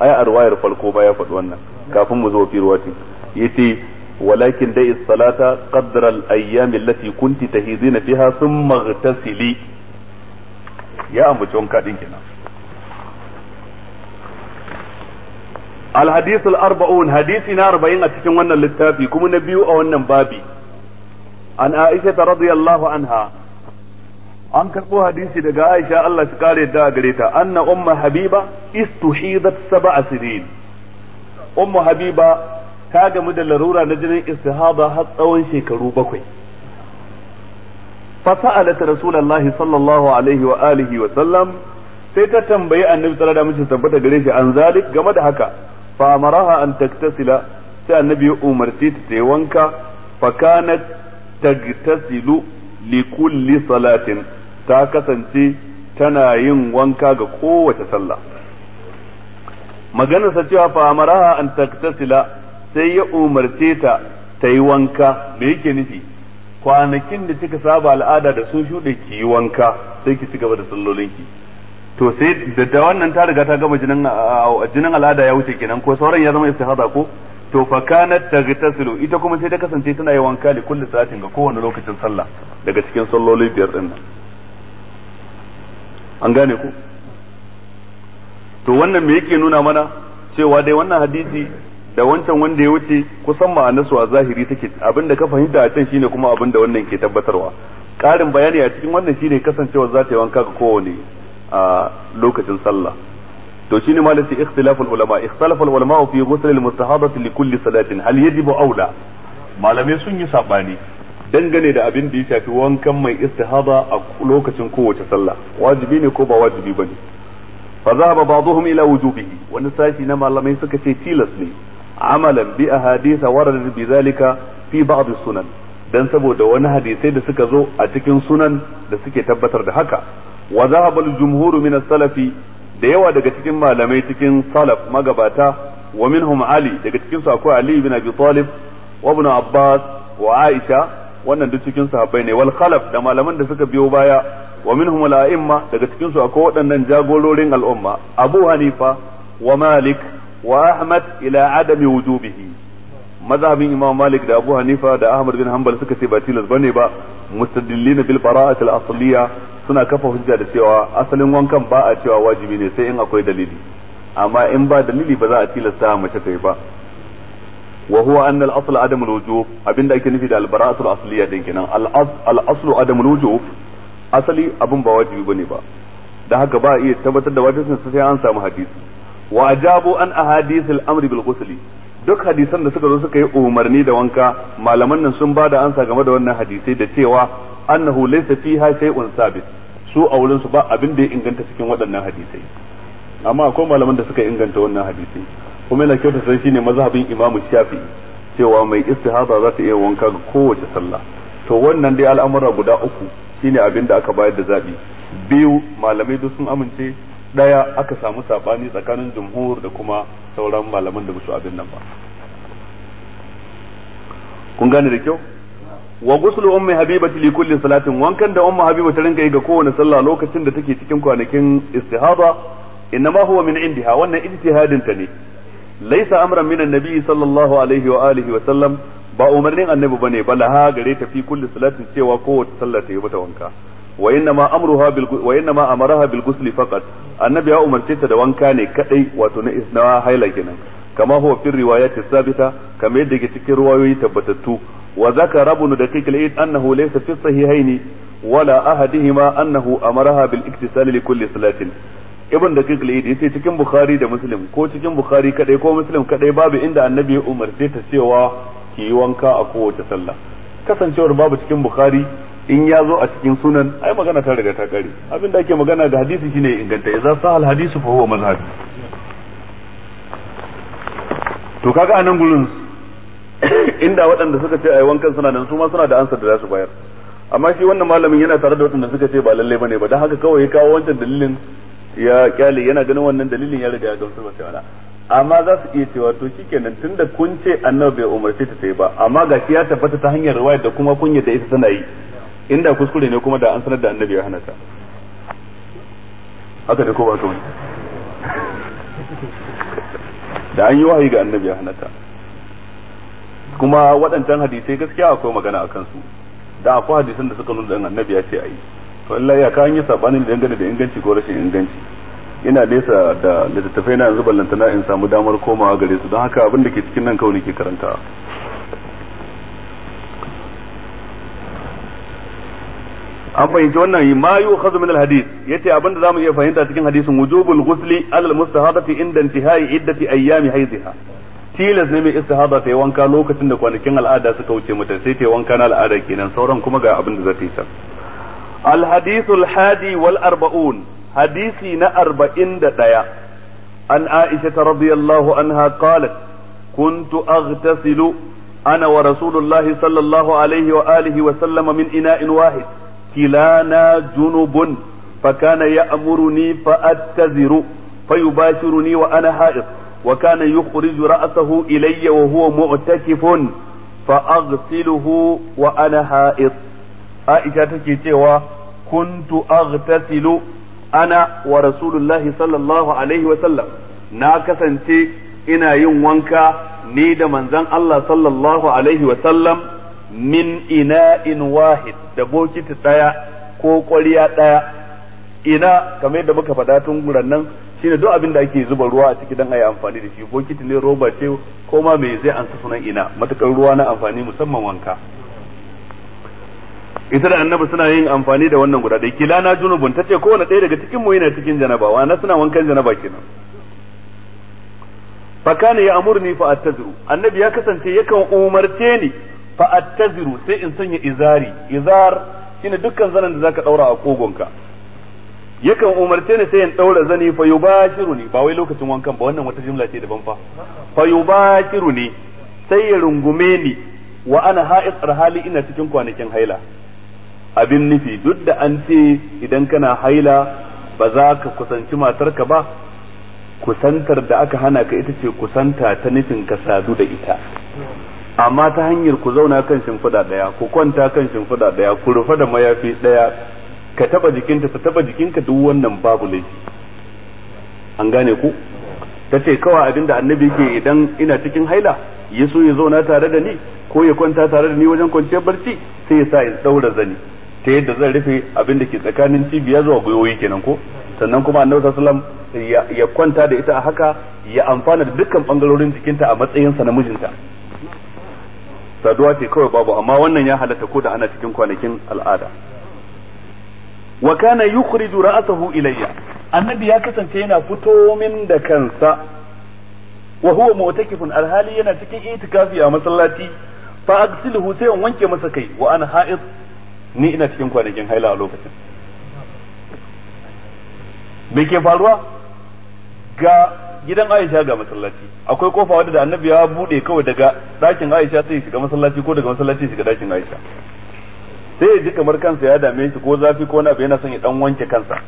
ay a riwayar farko ba ya faɗi wannan kafin mu zo fi riwayati yace walakin dai salata qadra al-ayyam allati kunti tahizina fiha thumma ightasili ya ambace wanka din kenan الحديث الأربعون حديثنا أربعين أتكلم عن اللتافي كم a أو النبابي an Aisha radiyallahu anha an karɓo hadisi daga Aisha Allah shi kare da gare ta anna umma habiba istuhidat sab'a sinin ummu habiba ta gamu da larura na jinin istihaba har tsawon shekaru bakwai فسألت رسول الله صلى الله عليه وآله وسلم sai ta tambayi annabi sallallahu alaihi wasallam tabbata gare shi an zalik game da haka fa amaraha an taktasila sai annabi ya umarce ta ta wanka fakana. tagtasilu ta kasance tana yin wanka ga kowace sallah maganar sa cewa fa amaraha an taktasila sai ya umarce ta ta yi wanka me yake nufi kwanakin da kika saba al'ada da sun shuɗe ki yi wanka sai ki ci gaba da ki to sai da wannan ta riga ta gama jinin jinin al'ada ya wuce kenan ko sauran ya zama istihada ko to fa kanat taghtasilu ita kuma sai ta kasance tana yi wanka da kullu sa'atin ga kowane lokacin sallah daga cikin salloli biyar din nan an gane ku to wannan me yake nuna mana cewa dai wannan hadisi da wancan wanda ya wuce kusan ma'anarsu a zahiri take abinda ka fahimta a can shine kuma abinda wannan ke tabbatarwa Karin bayani a cikin wannan shine kasancewar za ta yi wanka ga kowane a lokacin sallah to shine malam sai ikhtilaful ulama ikhtilaful ulama fi ghusl almustahabati mustahabati li kulli salatin hal yajibu aula malamai sun yi sabani dangane da abin da ya shafi wankan mai istihaba a lokacin kowace sallah wajibi ne ko ba wajibi bane fa zahaba ba'dhum ila wujubihi wani sashi na malamai suka ce tilas ne amalan bi ahadith waradat bi zalika fi ba'd sunan dan saboda wani hadisai da suka zo a cikin sunan da suke tabbatar da haka wa zahaba al min as-salafi da yawa daga cikin malamai cikin salaf magabata wa minhum ali daga cikin su akwai ali ibn abi talib wa ibn abbas wa aisha wannan duk cikin sahabbai ne wal khalaf da malaman da suka biyo baya wa minhum al a'imma daga cikin su akwai waɗannan jagororin al'umma abu hanifa wa malik wa ahmad ila adami wujubihi mazhabin imam malik da abu hanifa da ahmad bin hanbal suka ce ba tilas bane ba mustadillina bil bara'at al asliya suna kafa hujja da cewa asalin wankan ba a cewa wajibi ne sai in akwai dalili amma in ba dalili ba za a tilasta mace ta yi ba wa huwa an al-asl adam al-wujub abinda ake nufi da al al asliya din kenan al asl adam al-wujub asali abun ba wajibi bane ba da haka ba a iya tabbatar da wajibin sai an samu hadisi wa ajabu an ahadith al-amri bil ghusl duk hadisan da suka zo suka yi umarni da wanka malaman nan sun bada ansa game da wannan hadisai da cewa annahu laysa fiha shay'un sabit su a wurin su ba abin da ya inganta cikin waɗannan hadisai amma akwai malaman da suka inganta wannan hadisai kuma yana kyautata sai shine mazhabin Imam Shafi cewa mai istihada za ta iya wanka ga kowace sallah to wannan dai al'amura guda uku shine abin da aka bayar da zabi biyu malamai duk sun amince daya aka samu sabani tsakanin jumhur da kuma sauran malaman da basu su abin nan ba kun gane da kyau wa guslu ummi habibati li kulli salatin wankan da ummu habiba ta rinka yi ga kowane sallah lokacin da take cikin kwanakin istihada innama huwa min indiha wannan ijtihadin ta ne laysa amran min annabi sallallahu alaihi wa alihi wa sallam ba umarnin annabi bane balaha gare ta fi kulli salatin cewa kowace sallah ta yi mata wanka wa innama amruha bil wa innama amaraha bil ghusli faqat annabi ya umarce ta da wanka ne kadai wato na isnawa haila kenan kama huwa fi riwayati sabita kamar yadda ke cikin riwayoyi tabbatattu وذكر ابن دقيق العيد أنه ليس wala الصحيحين ولا أحدهما أنه أمرها بالاكتسال kulli salatin ibn da kikil idi sai cikin bukhari da muslim ko cikin bukhari kadai ko muslim kadai babu inda annabi ya umarce ta cewa ki yi wanka a kowace sallah kasancewar babu cikin bukhari in ya zo a cikin sunan ai magana ta riga ta kare abin da ake magana da hadisi shine inganta idza sahal hadisu fa huwa mazhabi to kaga anan gurin inda waɗanda suka ce a yi wankan suna nan su ma suna da ansa da za su bayar amma shi wannan malamin yana tare da waɗanda suka ce ba lallai bane ba don haka kawai ya kawo wancan dalilin ya kyale yana ganin wannan dalilin ya riga ya gamsu ba sai amma za su iya cewa to shikenan tunda kun ce annabi bai umarce ta sai ba amma ga ya tabbata ta hanyar riwaya da kuma kunya da ita tana yi inda kuskure ne kuma da an sanar da annabi ya hana ta haka da ko ba to da an yi wahayi ga annabi ya hana ta kuma waɗancan hadisai gaskiya akwai magana a kansu da akwai hadisan da suka nuna da annabi ya ce ayi to Allah ya kawo yin sabanin da dangane da inganci ko rashin inganci ina nesa da littattafai na yanzu ballantana in samu damar komawa gare su don haka abin da ke cikin nan kawai ke karanta an fahimci wannan ma yu'khadhu min ya ya ce abinda mu iya fahimta cikin hadisin wujubul gusli alal mustahadati inda intihai iddati ayyami ha. tilas ne mai istihada ta yi wanka lokacin da kwanakin al'ada suka wuce mata sai ta yi wanka na al'ada kenan sauran kuma ga abin da za ta yi can hadi wal arba'un hadisi na arba'in da ɗaya an aisha ta radiyallahu anha qalat kuntu aghtasilu ana wa rasulullahi sallallahu alaihi wa alihi wa sallama min ina'in wahid kilana junubun fa kana ya'muruni fa attaziru fa yubashiruni wa ana ha'id wa kana yukhriju ra'sahu ilayya wa huwa mu'takifun fa aghsiluhu wa ana ha'id Aisha take cewa kuntu aghtasilu ana wa rasulullahi sallallahu alaihi wa sallam na kasance ina yin wanka ni da manzon Allah sallallahu alaihi wa sallam min ina'in wahid da bokiti ɗaya ko ƙwariya ɗaya ina kamar da muka faɗa tun shine duk abin da ake zuba ruwa a ciki dan ayi amfani da shi bokiti ne roba ce ko ma me zai ansa sunan ina matakan ruwa na amfani musamman wanka ita da annabi suna yin amfani da wannan guda da kila na junubun tace kowane ɗaya daga cikin mu yana cikin janaba wa na suna wankan janaba kenan fa kana ya amurni fa attaziru annabi ya kasance yakan umarce ni fa attaziru sai in sanya izari izar shine dukkan zanen da zaka daura a kogonka yakan umarce ni sai in daura zani fa yubashiruni ba wai lokacin wankan ba wannan wata jumla ce daban fa fa yubashiruni sai ya rungume ni wa ana ha'id arhali ina cikin kwanakin haila abin nufi duk da an ce idan kana haila ba za ka kusanci matarka ba kusantar da aka hana ka ita ce kusanta ta nufin ka sadu da ita amma ta hanyar ku zauna kan shimfiɗa ɗaya ku kwanta kan shimfiɗa ɗaya ku rufe da mayafi ɗaya ka taba jikinta ta taba jikinka duk wannan babu laifi an gane ku ta ce kawai abinda annabi ke idan ina cikin haila ya so ya zauna tare da ni ko ya kwanta tare da ni wajen kwanciyar barci sai ya sa in daura zani ta yadda zan rufe abinda ke tsakanin cibiya zuwa gwiwoyi kenan ko sannan kuma annabi sallallahu alaihi wasallam ya kwanta da ita a haka ya amfana dukkan bangarorin jikinta a matsayinsa na mijinta saduwa ce kawai babu amma wannan ya halatta ko da ana cikin kwanakin al'ada wa kana yukhriju ra'sahu ilayya annabi ya kasance yana fito min da kansa wa huwa mu'takifun alhali yana cikin itikafi a masallaci fa aghsilhu sai wanke masa kai wa ana ha'id ni ina cikin kwanakin haila a lokacin me ke faruwa ga gidan Aisha ga masallaci akwai kofa wadda annabi ya bude kawai daga dakin Aisha sai shiga masallaci ko daga masallaci shiga dakin Aisha sai ya ji kamar kansa ya dame shi ko zafi ko nafi yana son ya dan wanke kansa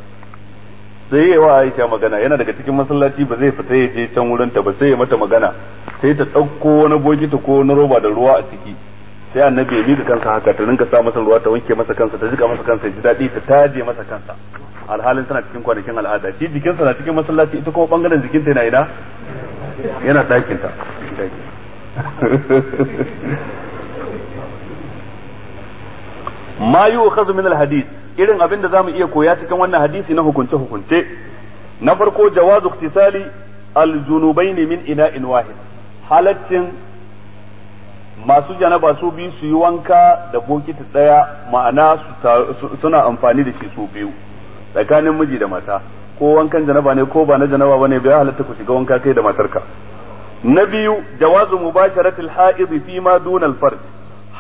sai ya wa Aisha magana yana daga cikin masallaci ba zai fita ya je can wurin ta ba sai ya mata magana sai ta dauko wani bokiti ko wani roba da ruwa a ciki sai annabi ya bi kansa haka ta rinka sa masa ruwa ta wanke masa kansa ta jika masa kansa ji daɗi ta taje masa kansa alhalin tana cikin kwanakin al'ada shi jikinsa na cikin masallaci ita kuma bangaren jikinta yana ina yana ɗakin ta ma yu'khadhu min al irin abin da zamu iya koya cikin wannan hadisi na hukunce hukunce na farko jawazu ikhtisali al ne min ina'in wahid halaccin masu janaba su biyu su yi wanka da bokiti daya ma'ana suna amfani da shi su biyu tsakanin miji da mata ko wankan janaba ne ko ba na janaba bane bai halatta ku shiga wanka kai da matarka na biyu jawazu mubasharatil ha'id fi ma dunal al-farj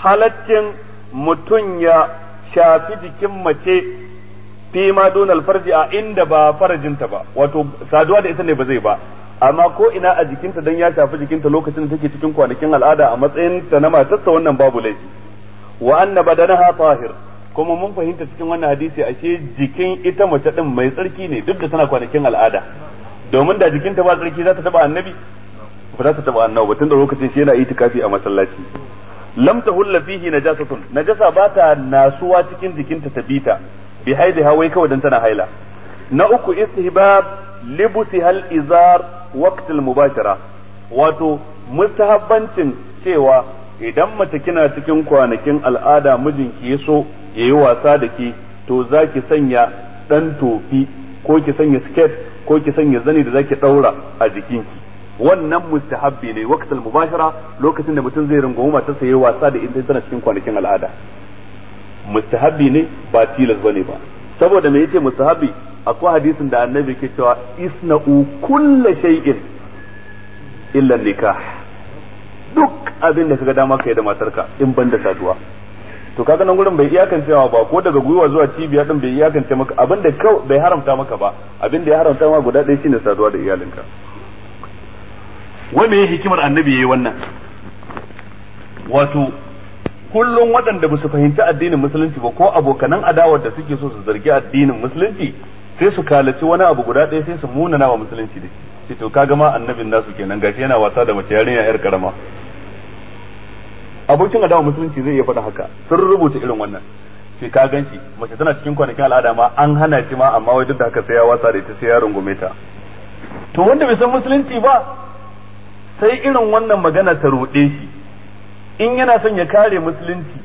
halaccin mutum ya shafi jikin mace fi ma donal farji a inda ba farajinta ba wato saduwa da ita ne ba zai ba amma ko ina a jikinta dan ya shafi jikinta lokacin da take cikin kwanakin al'ada a matsayin ta na matarsa wannan babu laifi wa anna badanaha tahir kuma mun fahimta cikin wannan hadisi ashe jikin ita mace din mai tsarki ne duk da tana kwanakin al'ada domin da jikinta ba tsarki za ta taba annabi ba za ta taba annabi tun da lokacin shi yana itikafi a masallaci lam hulla fihi najasatun najasa ba ta nasuwa cikin jikinta ta bita bi haidi hawai kawai dan tana haila na uku istihbab libusi hal izar waqt al mubashara wato mustahabbancin cewa idan mace kina cikin kwanakin al'ada mijinki ya so yayi wasa da ki to zaki sanya dan tofi ko ki sanya skirt ko ki sanya zani da zaki daura a jikinki wannan mustahabbi ne waqtal mubashara lokacin da mutum zai rungumi matarsa yayi wasa da ita tana cikin kwanakin al'ada mustahabbi ne ba tilas bane ba saboda me yake mustahabbi akwai hadisin da annabi ke cewa isna'u kulla shay'in illa nikah duk abin da kaga dama kai da matarka in ban da saduwa to kaga nan gurin bai cewa ba ko daga gwiwa zuwa cibiya din bai iyakance maka abin da bai haramta maka ba abin da ya haramta maka guda ɗaya shine saduwa da iyalinka wai me hikimar annabi yayi wannan wato kullum waɗanda ba su fahimci addinin musulunci ba ko abokanan adawar da suke so su zargi addinin musulunci sai su kalaci wani abu guda ɗaya sai su munana wa musulunci da shi to kaga ma annabin nasu kenan gashi yana wasa da mace yarinya yar karama abokin adawar musulunci zai iya faɗa haka sun rubuta irin wannan sai ka gan mace tana cikin kwanakin al'ada ma an hana shi ma amma wai duk da haka sai ya wasa da ita sai ya rungume ta to wanda bai san musulunci ba sai irin wannan magana ta roɗe shi in yana son ya kare musulunci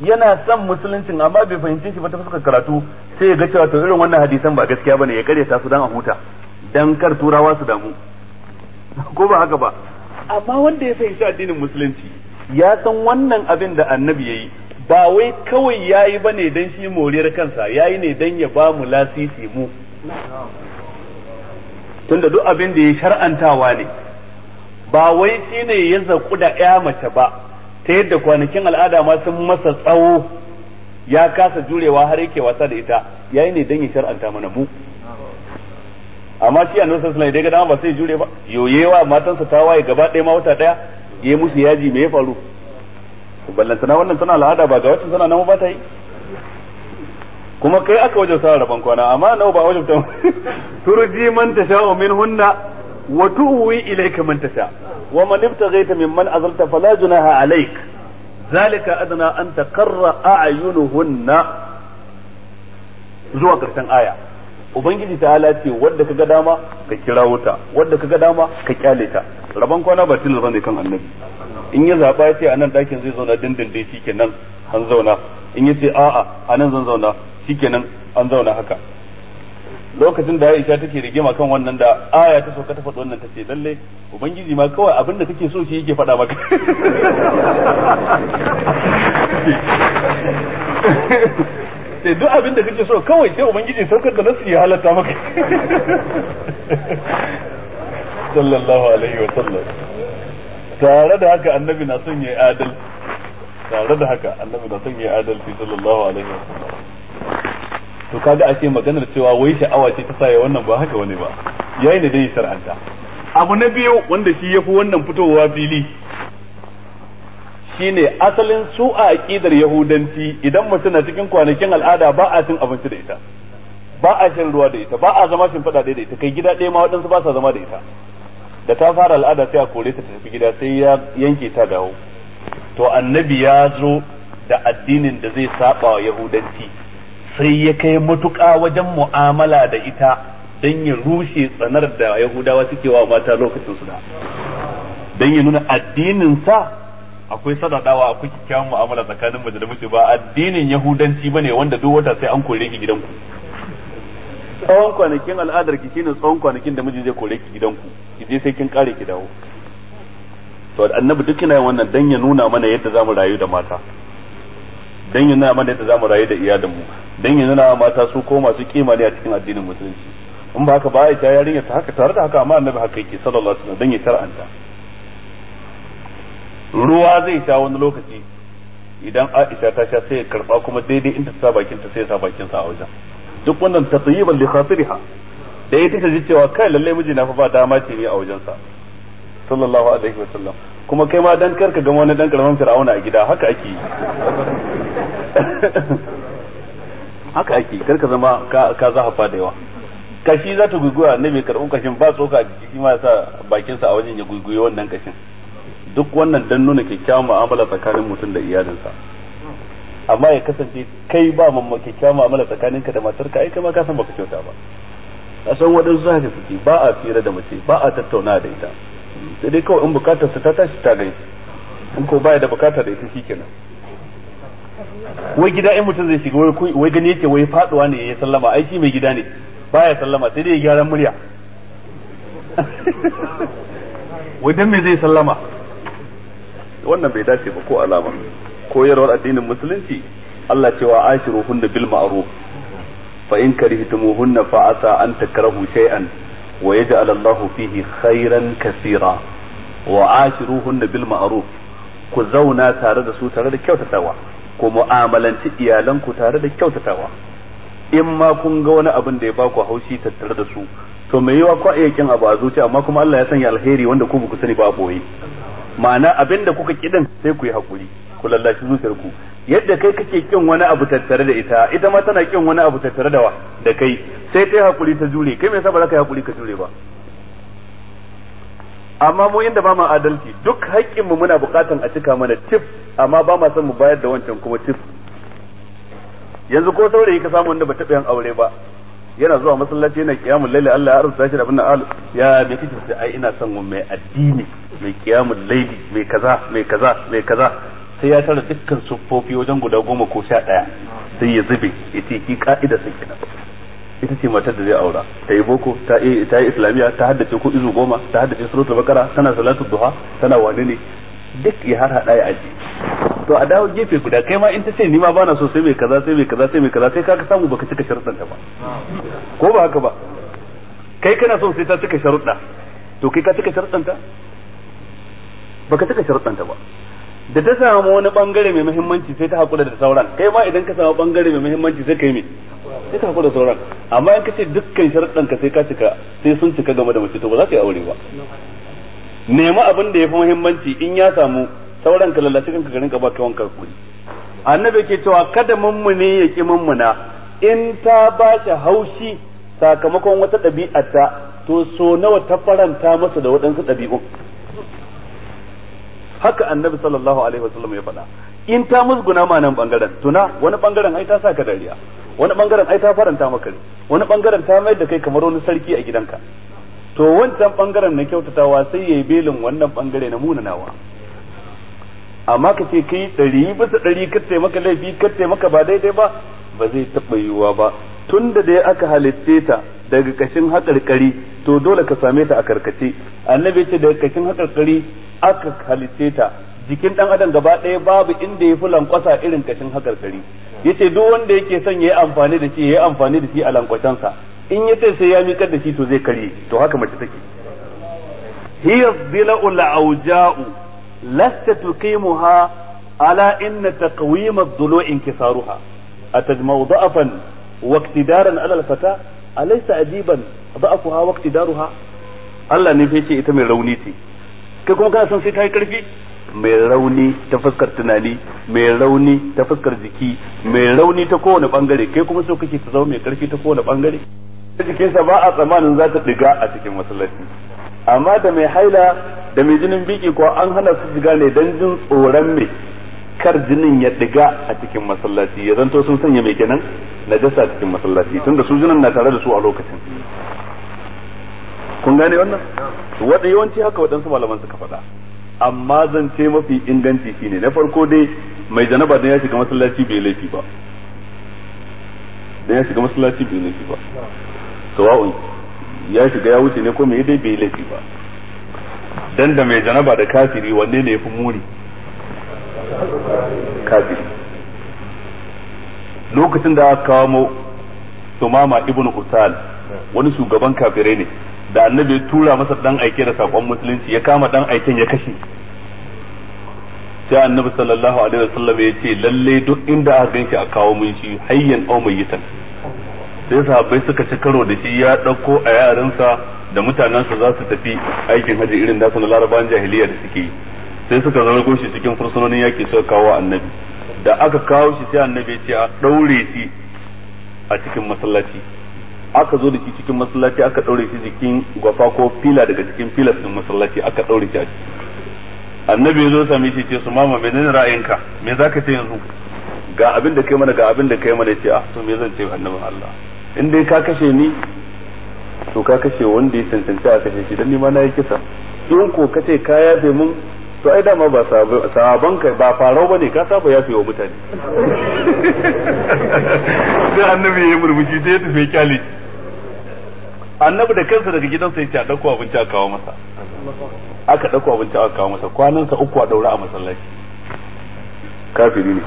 yana son musulunci amma bai fahimci shi ba ta fuskar karatu sai ya ga cewa to irin wannan hadisan ba gaskiya bane ya karyata su dan a huta dan kar turawa su damu ko ba haka ba amma wanda ya fahimci addinin musulunci ya san wannan abin da annabi yayi ba wai kawai yayi bane dan shi moriyar kansa yayi ne dan ya ba mu lasisi mu tunda duk abin da ya shar'antawa ne ba wai shi ne ya zaku da ya mace ba ta yadda kwanakin al'ada ma sun masa tsawo ya kasa jurewa har yake wasa da ita yayi ne dan ya shar'anta mana mu amma shi annabi sallallahu alaihi wasallam ba sai jure ba yoyewa matansa ta waye gaba ɗaya ma wata ɗaya ya musu yaji me ya faru ballantana wannan tana al'ada ba ga wacin tana nan ba ta yi kuma kai aka wajen sa rabon kwana amma nawa ba wajen ta turji man tasha'u min hunna wa tuwi ilayka man tasha wa man ibtaghaita mimman azalta fala junaha alayk zalika azana an taqarra na zuwa karshen aya ubangiji ta ala ce wadda kaga dama ka kira wuta wadda kaga dama ka kyale ta rabon kwana ba tilas bane kan annabi in ya zaba ya ce a nan dakin zai zauna dindindin shikenan an zauna in ya ce a'a a zan zauna shikenan an zauna haka lokacin da Aisha take rigima kan wannan da aya ta sauka ta faɗi wannan tace lalle ubangiji ma kawai abinda da kake so shi yake faɗa maka sai duk abinda kake so kawai sai ubangiji saukar da nasu ya halatta maka sallallahu alaihi wa sallam tare da haka annabi na son yayi adalci tare da haka annabi na son yayi adalci sallallahu alaihi wa sallam to kaga a ce maganar cewa wai sha'awa ce ta saya wannan ba haka wani ba yayin da dai shar'anta abu na biyu wanda shi yafi wannan fitowa fili shine asalin su a aqidar yahudanci idan mutum na cikin kwanakin al'ada ba a cin abinci da ita ba a shan ruwa da ita ba a zama shin fada da ita kai gida ɗaya ma waɗansu ba sa zama da ita da ta fara al'ada sai a kore ta tafi gida sai ya yanke ta dawo to annabi ya zo da addinin da zai saba wa yahudanci sai ya kai matuƙa wajen mu'amala da ita don ya rushe tsanar da yahudawa suke wa mata lokacin su da don ya nuna addinin sa akwai sadadawa akwai kyakkyawan mu'amala tsakanin mace da mace ba addinin yahudanci bane wanda duk wata sai an kore ki gidanku tsawon kwanakin al'adar ki shine tsawon kwanakin da miji zai kore ki gidanku ki je sai kin kare ki dawo to annabi duk yana wannan dan ya nuna mana yadda zamu rayu da mata dan nuna mana yadda zamu rayu da iyalin mu dan nuna mata su ko masu kima ne a cikin addinin musulunci in ba haka ba ita yarinya ta haka tare da haka amma annabi haka yake sallallahu alaihi wasallam dan ya tar'anta ruwa zai sha wani lokaci idan Aisha ta sha sai ya karba kuma daidai inda ta sa bakin ta sai ya sa bakin sa a wajen duk wannan tatayiban li khatiriha da ita ta ji cewa kai lalle miji na fa ba dama ce ne a wajen sa sallallahu alaihi wasallam kuma kai ma dan karka gama wani dan karamin fir'auna a gida haka ake haka ake karka zama ka ka zahafa da yawa kashi za ta guguwa na mai karɓi kashin ba tsoka ka jiki shi ma ya sa bakinsa a wajen ya guguye wannan kashin duk wannan dan nuna kyakkyawan mu'amala tsakanin mutum da iyalinsa amma ya kasance kai ba mamma kyakkyawan mu'amala tsakaninka da matarka ai kai ma ka san baka kyauta ba a san waɗansu haka suke ba a fira da mace ba a tattauna da ita sai dai kawai in bukatar ta tashi ta gani in ko baya da bukata da ita shikenan wai gida in mutum zai shiga wai gani yake wai faduwa ne ya sallama ai shi mai gida ne baya sallama sai dai ya gyaran murya wai dan me zai sallama wannan bai dace ba ko alama koyarwar addinin musulunci Allah cewa hunna bil ma'ruf fa in karihtumuhunna fa asa an takrahu shay'an ويجعل الله فيه خيرا كثيرا وعاشروهن بالمعروف ku zauna tare da su tare da kyautatawa ku mu'amalanci iyalanku tare da kyautatawa in ma kun ga wani abin da ya ku haushi tattare da su to mai yiwa ko iya kin abu a zuciya amma kuma Allah ya sanya alheri wanda ku ku sani ba boye ma'ana abin da kuka kidan sai ku yi hakuri ku lallashi zuciyar ku yadda kai kake kin wani abu tattare da ita ita ma tana kin wani abu tattare da wa da kai sai kai hakuri ta jure kai me yasa ba za ka yi hakuri ka jure ba amma mu inda ba mu adalci duk mu muna buƙatan a cika mana tip amma ba ma son mu bayar da wancan kuma tip yanzu ko saurayi ka samu wanda ba taɓa yin aure ba yana zuwa masallaci yana kiyamul laili Allah ya arzuta shi da abin al ya me kike sai ai ina son mai addini mai kiyamul laili mai kaza mai kaza mai kaza sai ya tara dukkan siffofi wajen guda goma ko sha ɗaya sai ya zube ya ce ki ka'ida sai kenan ita ce matar da zai aura ta yi boko ta yi islamiyya ta haddace ko izu goma ta haddace suratul bakara tana salatu duha tana wane ne duk ya har hada ya aji to a dawo gefe guda kai ma in ta ce ni ma bana so sai mai kaza sai mai kaza sai mai kaza sai ka samu baka cika sharuɗan ta ba ko ba haka ba kai kana so sai ta cika sharuɗa to kai ka cika sharuɗan ta baka cika sharuɗan ta ba da ta samu wani bangare mai muhimmanci sai ta hakura da sauran kai ma idan ka samu bangare mai muhimmanci sai kai me sai ka hakura da sauran amma in ka ce dukkan sharuɗan ka sai ka cika sai sun cika game da mace to ba za ka yi aure ba nema abin da ya fi muhimmanci in ya samu sauran ka lallace kanka garin ka ba ka wanka kuri annabi ke cewa kada mummune ya ki mummuna in ta ba shi haushi sakamakon wata ɗabi'ata to so nawa ta faranta masa da waɗansu ɗabi'u haka annabi sallallahu alaihi wasallam ya faɗa in ta musguna ma nan bangaren tuna wani bangaren ai ta saka dariya wani bangaren ai ta faranta maka ne wani bangaren ta mayar da kai kamar wani sarki a gidanka to wancan bangaren na kyautatawa sai yayi belin wannan bangare na munanawa amma ka ce kai ɗari bisa ɗari ka maka laifi ka maka ba daidai ba ba zai taɓa yiwuwa ba tunda da dai aka halitteta. ta daga kashin haƙarƙari to dole ka same ta a karkace annabi ce daga kashin hakarkari aka halice ta jikin dan adam gaba ɗaya babu inda yafi lankwasa irin kashin haƙarƙari yace duk wanda yake son ya yi amfani da shi ya amfani da shi a sa in yace sai ya mikar da shi to zai karye to haka mace take hiya dhila'ul auja'u lasta tuqimuha ala inna taqwim ad dului inkisaruha atajma'u da'afan iktidaran ala al-fata alaysa ajiban da'afuha wa iqtidaruha Allah ne fa ita mai rauni ce kai kuma kana son sai ta yi karfi mai rauni ta fuskar tunani mai rauni ta fuskar jiki mai rauni ta kowane bangare kai kuma so kake ta zama mai karfi ta kowane bangare jikinsa ba a tsammanin za ta diga a cikin masallaci amma da mai haila da mai jinin biki ko an hana su diga ne dan jin tsoron mai kar jinin ya diga a cikin masallaci ya zanto sun sanya mai kenan na a cikin masallaci tunda su jinin na tare da su a lokacin kun gane wannan wadda yawanci haka waɗansu malaman suka faɗa amma zance mafi inganci shine na farko dai mai janaba dan ya shiga masallaci bai laifi ba dan ya shiga masallaci bai laifi ba sawa'un ya shiga ya wuce ne ko me dai bai laifi ba dan da mai janaba da kafiri wanne ne yafi muni kafiri lokacin da aka kawo sumama ibnu usal wani shugaban kafirai ne da annabi ya tura masa dan aike da sakon musulunci ya kama dan aiken ya kashe sai annabi sallallahu alaihi wasallam ya ce lalle duk inda aka ganshi a kawo mun shi hayyan aw mayyitan sai sahabbai suka ci karo da shi ya dauko a yaransa da mutanansa za su tafi aikin haji irin da na larabawan jahiliya da suke yi sai suka zargo shi cikin fursunonin yaki suka kawo annabi da aka kawo shi sai annabi ya ce a daure shi a cikin masallaci aka zo da shi cikin masallaci aka daure shi jikin gwafa ko fila daga cikin filas cikin masallaci aka daure shi a annabi ya zo sami shi ce su mama menene ra'ayinka me zaka ce yanzu ga abin da kai mana ga abin da kai mana ce ah to me zan ce annabin Allah in dai ka kashe ni to ka kashe wanda ya cancanci a kashe shi dan ni ma na yi kisa in ko kace ka yafe mun to ai dama ba sababan kai ba farau bane ka saba ya wa mutane sai annabi ya murmushi sai ya tafi kyale annabi da kansa daga sai ya a dauko abinci a kawo masa aka dauko abinci aka kawo masa sa uku a daura a masallaci kafiri ne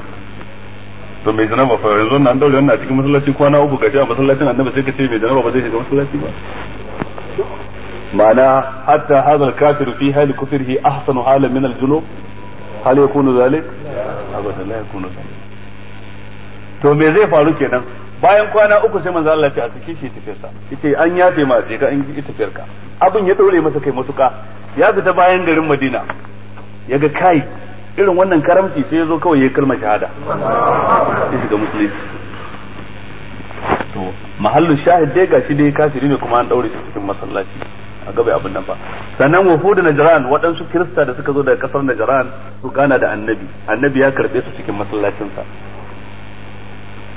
to mai zanaba fa yanzu nan daure wannan a cikin masallaci kwana uku gaje a masallacin annabi sai ka ce mai zanaba ba zai shiga masallaci ba ma'ana hatta hadha al-kafir fi hali kufrihi min al-junub hal yakunu zalik to me zai faru kenan bayan kwana uku sai manzo Allah ya sake shi tafiyar sa yace an yafe ma sai ka an yi tafiyar ka abin ya daure masa kai matuka ya fita bayan garin Madina yaga kai irin wannan karamci sai ya zo kawai ya kalma shahada ya shiga musulunci to mahallin shahid dai gashi dai kafiri ne kuma an daure shi cikin masallaci a gaba abin nan ba sannan na najran waɗansu kirista da suka zo daga kasar najran su gana da annabi annabi ya karbe su cikin masallacinsa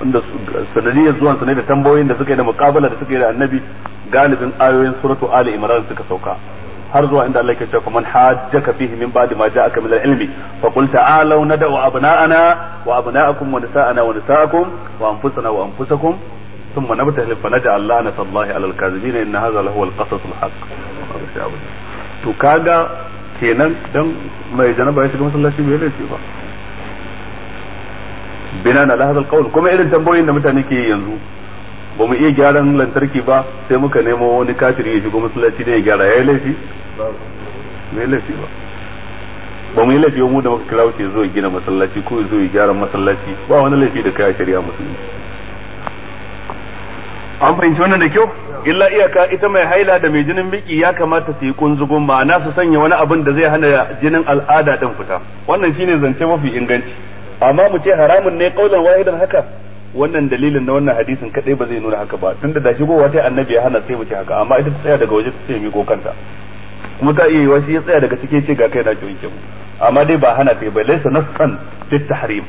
inda sanadiyar zuwan su ne da tambayoyin da suka yi da muqabala da suka yi da annabi galibin ayoyin suratu ali imran suka sauka har zuwa inda Allah ke cewa man hajjaka fihi min ba'di ma ja'aka min al-ilmi fa qul ta'alu nad'u abna'ana wa abna'akum wa nisa'ana wa nisa'akum wa anfusana wa anfusakum ثم نبته فنجعل لعنة الله على الكاذبين إن هذا لهو القصص الحق to kaga kenan dan mai janaba ya shiga masallaci bai laifi ba bina na lahazal qawl kuma irin tambayoyin da mutane ke yanzu ba mu iya gyaran lantarki ba sai muka nemo wani kafiri ya shiga masallaci ne ya gyara yayi laifi bai laifi ba ba mu yi laifi mu da muka kira wuce zo gina masallaci ko zo gyara masallaci ba wani laifi da kai shari'a musulunci an fahimci wannan da kyau illa iyaka ita mai haila da mai jinin miki ya kamata su yi kunzugun ma'ana su sanya wani abin da zai hana jinin al'ada din fita wannan shine zance mafi inganci amma mu ce haramun ne kaulan wahidan haka wannan dalilin na wannan hadisin kadai ba zai nuna haka ba tunda da gowa sai annabi ya hana sai mu ce haka amma ita ta tsaya daga waje ta ce miko kanta kuma ta iya yiwa ya tsaya daga cikin ce ga kai na ki wanke amma dai ba hana sai bai laisa nasan fit tahrim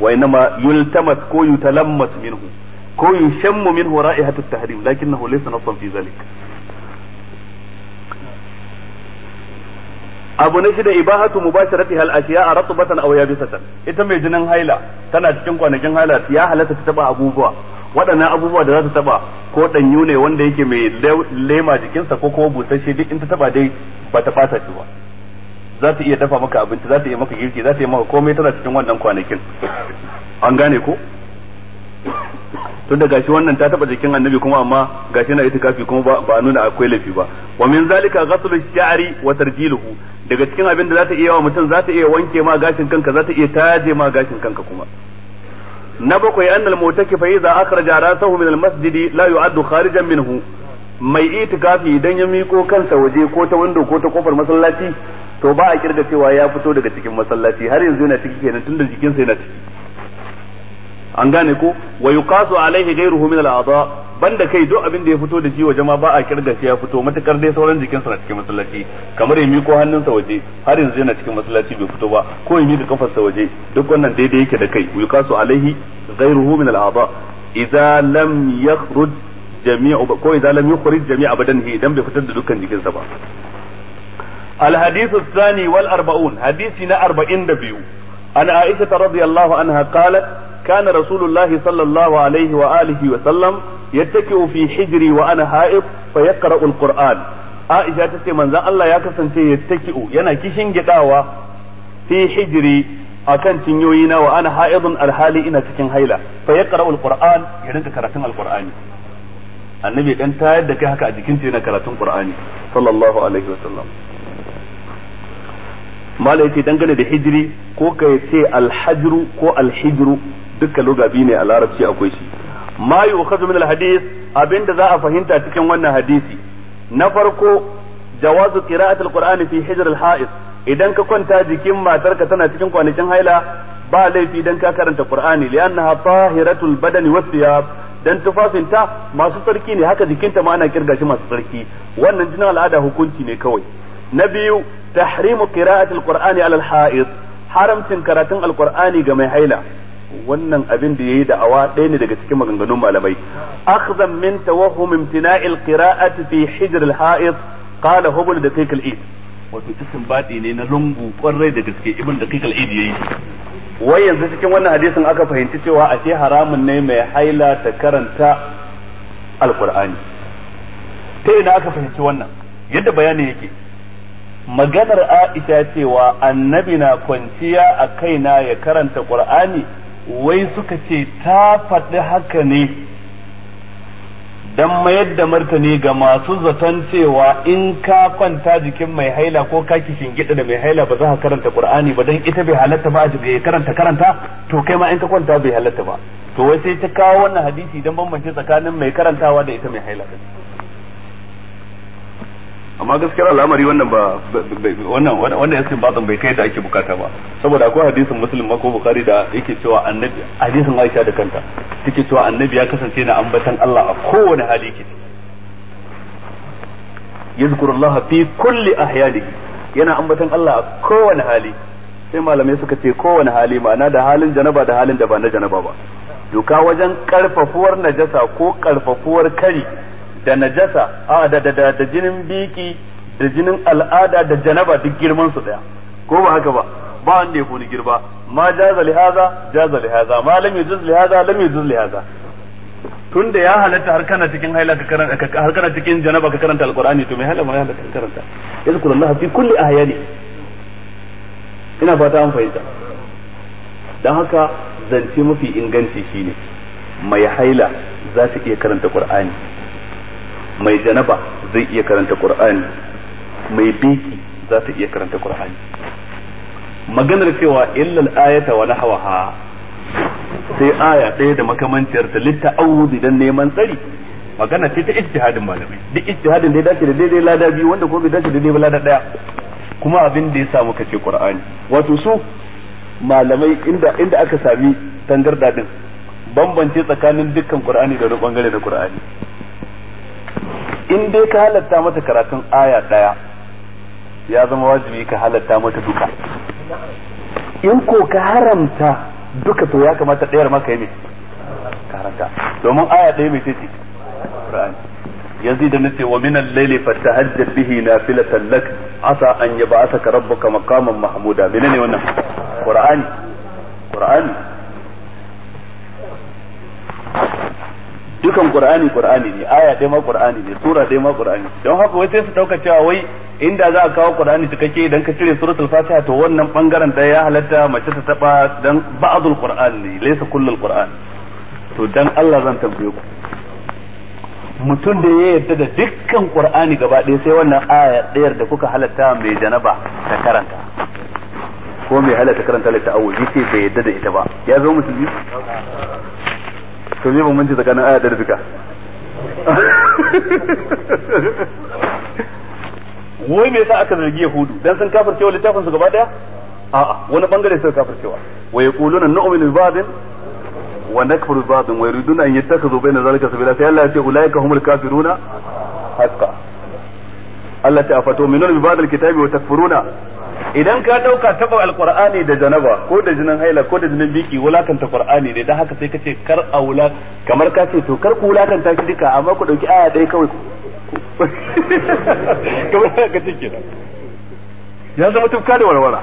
wa inma yultamas ko yutalammas minhu ko mu min ra'ihatu tahrim lakinnahu laysa nassan fi zalik abu na shida ibahatu mubasharati hal ashiya ratbatan aw yabisatan ita mai jinin haila tana cikin kwanakin haila ya halatta ta taba abubuwa waɗannan abubuwa da za ta taba ko danyu ne wanda yake mai lema jikinsa ko kuma busasshe duk in ta taba dai ba ta fata ba za ta iya dafa maka abinci za ta iya maka girki za ta iya maka komai tana cikin wannan kwanakin an gane ko tun da gashi wannan ta taba jikin annabi kuma amma gashi na itikafi kuma ba ba nuna akwai laifi ba wa min zalika ghaslu sha'ri wa tarjiluhu daga cikin abin da zata iya wa mutum zata iya wanke ma gashin kanka zata iya taje ma gashin kanka kuma na bakwai annal mutakifa idza akhraja rasahu min al-masjidi la yu'addu kharijan minhu mai itikafi idan ya miko kansa waje ko ta wando ko ta kofar masallaci to ba a kirga cewa ya fito daga cikin masallaci har yanzu yana ciki kenan tunda jikinsa yana ciki an gane ko wa yuqasu alaihi ghayruhu min al-a'dha banda kai duk abin da ya fito da shi wa ma ba a kirga shi ya fito matakar dai sauran jikinsa na cikin masallaci kamar ya miko hannunsa waje har yanzu yana cikin masallaci bai fito ba ko ya mika kafarsa waje duk wannan daidai yake da kai yuqasu alaihi ghayruhu min al-a'dha idza lam yakhruj jami'u ko idza lam yukhrij jami'a badanihi idan bai fitar da dukkan jikinsa ba الحديث الثاني والأربعون حديثنا أربعين دبيو عن عائشة رضي الله عنها قالت kana rasulullahi sallallahu alaihi wa alihi wa sallam yattaki'u fi hijri wa ana ha'if fa yaqra'u alquran aisha tace manzon Allah ya kasance yattaki'u yana kishin gidawa fi hijri akan cinyoyi na wa ana ha'idun alhali ina cikin haila fa yaqra'u alquran ya rinka karatun alqur'ani annabi dan tayar da kai haka a jikin yana karatun qur'ani sallallahu alaihi wa sallam mala dangane da hijri ko kai ce alhajru ko alhijru dukkan lugabi ne a larabci akwai shi ma yu'khadhu min al-hadith abinda za a fahimta cikin wannan hadisi na farko jawazu qira'at ƙur'ani fi hijr ha'iz idan ka kwanta jikin matarka tana cikin kwanakin haila ba laifi dan ka karanta qur'ani li'annaha tahiratul badani was dan tufafinta masu tsarki ne haka jikinta ma ana kirga shi masu sarki wannan jinin al'ada hukunci ne kawai na biyu tahrimu qira'at al-qur'ani ala haramcin karatun al ga mai haila wannan abin da yayi da'awa ɗaya ne daga cikin maganganun malamai akhdhan min tawahhum imtina'il qira'ati fi hijr al-ha'id qala hubul daqiq al-id wato badi ne na lungu kwarai da gaske ibn daqiq al-id yayi wai yanzu cikin wannan hadisin aka fahimci cewa ce haramun ne mai haila ta karanta alqur'ani ta ina aka fahimci wannan yadda bayani yake maganar Aisha cewa annabi na kwanciya a kaina ya karanta Qur'ani wai suka ce ta faɗi haka ne don mayar da martani ga masu zaton cewa in ka kwanta jikin mai haila ko ka kishin gida da mai haila ba za ka karanta qur'ani ba dan ita bai halatta ba a karanta karanta to kai ma in ka kwanta bai halatta ba to wai sai ta kawo wannan hadisi don bambance tsakanin mai karantawa da ita mai haila amma gaskiya al'amari wannan ba wannan wannan yasin zan bai kai da ake bukata ba saboda akwai hadisin muslim ko bukhari da yake cewa annabi hadisin aisha da kanta take cewa annabi ya kasance na ambatan Allah a kowane hali yake allah fi kulli ahyalihi yana ambatan Allah a kowane hali sai malamai suka ce kowane hali ma'ana da halin janaba da halin da ba na janaba ba doka wajen karfafuwar najasa ko karfafuwar kari da najasa a da da da jinin biki da jinin al'ada da janaba duk girman su daya ko ba haka ba ba wanda ya kuni girba ma jaza li haza jaza li haza ma lam yujuz li haza lam yujuz li haza tunda ya halatta har kana cikin haila ka karanta har kana cikin janaba ka karanta alqur'ani to mai haila mai halatta karanta yazkurullaha fi kulli ahyani ina fata an fahimta dan haka zance mafi inganci shine mai haila za ta iya karanta qur'ani mai janaba zai iya karanta qur'ani mai biki za ta iya karanta qur'ani maganar cewa illal ayata wa nahwaha sai aya ɗaya da makamanciyar ta auzu dan neman tsari magana ce ta ijtihadin malamai duk ijtihadin da ya dace da daidai lada biyu wanda kuma bai dace da daidai lada daya kuma abin da ya samu kace qur'ani wato su malamai inda inda aka sami tangarda din bambance tsakanin dukkan qur'ani da wani bangare na qur'ani in dai ka halatta mata karatun aya ɗaya ya zama wajibi ka halatta mata duka in ko ka haramta duka to ya kamata ɗayar maka yi ne haramta. domin aya ɗaya mai ce yanzu da nace wa minan layli hajjar bihi nafilatan lak asa an yab'athaka rabbuka maqaman mahmuda menene wannan qur'ani qur'ani dukan qur'ani qur'ani ne aya dai ma qur'ani ne sura dai ma qur'ani don haka wai sai su dauka cewa wai inda za a kawo qur'ani ke idan ka cire suratul fatiha to wannan bangaren da ya halatta mace ta taba dan ba'dul qur'ani ne laysa kullul qur'an to dan Allah zan tambaye ku mutum da ya yarda da dukkan qur'ani gaba ɗaya sai wannan aya ɗayar da kuka halatta mai janaba ta karanta ko mai halatta karanta litta'awul sai bai yarda da ita ba ya zo musulmi to me bambanci tsakanin aya da fika wai me yasa aka zargi yahudu dan sun kafircewa littafin su gaba daya a wani bangare suka kafircewa wa yaquluna nu'minu bi ba'din wa nakfuru bi ba'din wa yuriduna an yattakhidhu bayna zalika sabila sai Allah ya ce ulaika humul kafiruna haqqan Allah ta fato minun bi ba'dil kitabi wa takfuruna idan ka dauka taba alqur'ani da janaba ko da jinin haila ko da jinin biki wulakanta qur'ani ne dan haka sai kace kar a wula kamar ka ce to kar ku wulakanta shi duka amma ku dauki aya ɗaya kawai kamar ka ce kenan ya zama tufka da warwara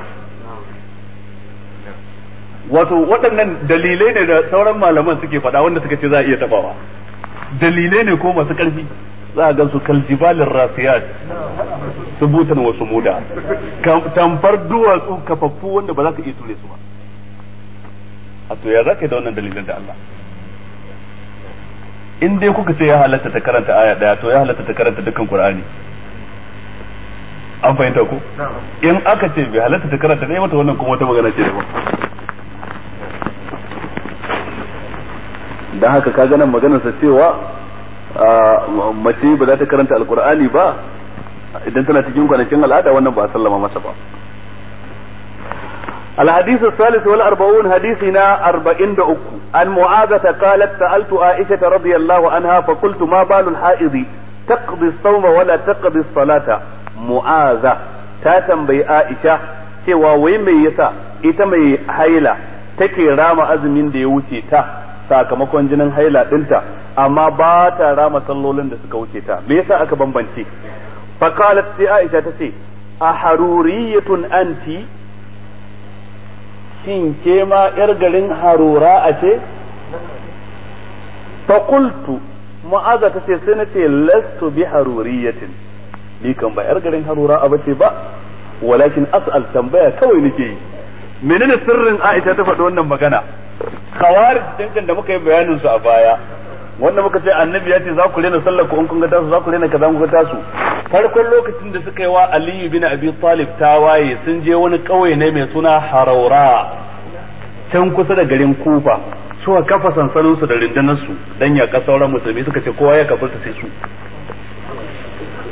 wato waɗannan dalilai ne da sauran malaman suke faɗa wanda suka ce za a iya tabawa dalilai ne ko masu ƙarfi za a gansu kaljibalin su subutan wa muda tamfar duwatsu kafaffu wanda ba za ka iya ture su ba a to ya za ka yi da wannan dalilin da Allah in dai kuka ce ya halatta ta karanta aya daya to ya halatta ta karanta dukkan qur'ani an fahimta ku in aka ce bai halatta ta karanta ne mata wannan kuma wata magana ce daban dan haka ka ganin maganar sa cewa mace ba za ta karanta alkur'ani ba idan tana cikin kwanakin al'ada wannan ba a sallama masa ba الحديث الثالث والأربعون حديثنا أربعين دعوك عن معاذة قالت سألت عائشة رضي الله عنها فقلت ما بال الحائض تقضي الصوم ولا تقضي الصلاة معاذة تاتم بي عائشة كي wai mai yasa ita mai haila take rama azumin da sakamakon jinin haila dinta amma ba ta rama sallolin da suka wuce ta me yasa aka bambance fa qalat sai Aisha tace a haruriyatun anti shin ke ma yar garin harura a ce fa qultu mu'aza tace sai nace lastu bi haruriyatin ni kan ba yar garin harura a bace ba walakin as'al tambaya kawai nake yi menene sirrin Aisha ta faɗi wannan magana khawarij dangan da muka yi bayanin su a baya wanda muka ce annabi ya ce za ku rena sallar ku in kun ga tasu za ku rena kaza kun ga tasu farkon lokacin da suka yi wa Ali ibn Abi Talib tawaye sun je wani kauye ne mai suna Haraura can kusa da garin Kufa suka kafa sansanin su da rindunan su dan ya ka sauran musulmi suka ce kowa ya ta sai su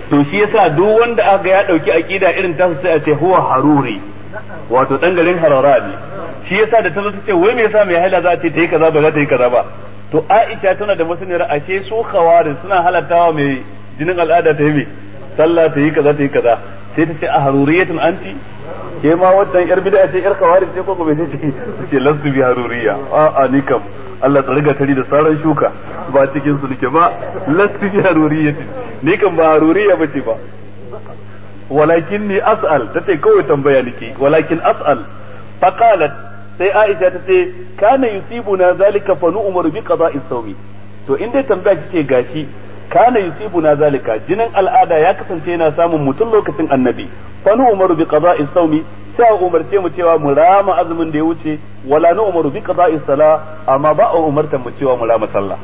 to shi yasa duk wanda aka ya dauki akida irin tasu sai a ce huwa haruri wato dan garin harara ne shi yasa da ta zo ce wai me yasa mai haila za ta yi kaza ba za ta yi kaza ba to Aisha tana da masaniyar ashe su khawarin suna halattawa mai jinin al'ada ta yi me sallah ta yi kaza ta yi kaza sai ta ce a haruriyatun anti ke ma wannan yar bid'a ce yar khawarin ce ko bai ce ce lasu bi haruriya a a ni kam Allah ta riga tari da saran shuka ba cikin su nake ba lasu bi haruriyatun ni kam ba haruriya bace ba walakin ni as'al ta ce kawai tambaya nake walakin as'al faqalat sai Aisha ta ce kana yusibuna zalika fa nu'mar bi qada'i sawmi to in dai tambaya kike gashi kana na zalika jinin al'ada ya kasance yana samun mutum lokacin annabi fa nu'mar bi qada'i sawmi sai umarce mu cewa mu rama azumin da ya wuce wala nu'mar bi qada'i sala amma ba a umartar mu cewa mu rama sallah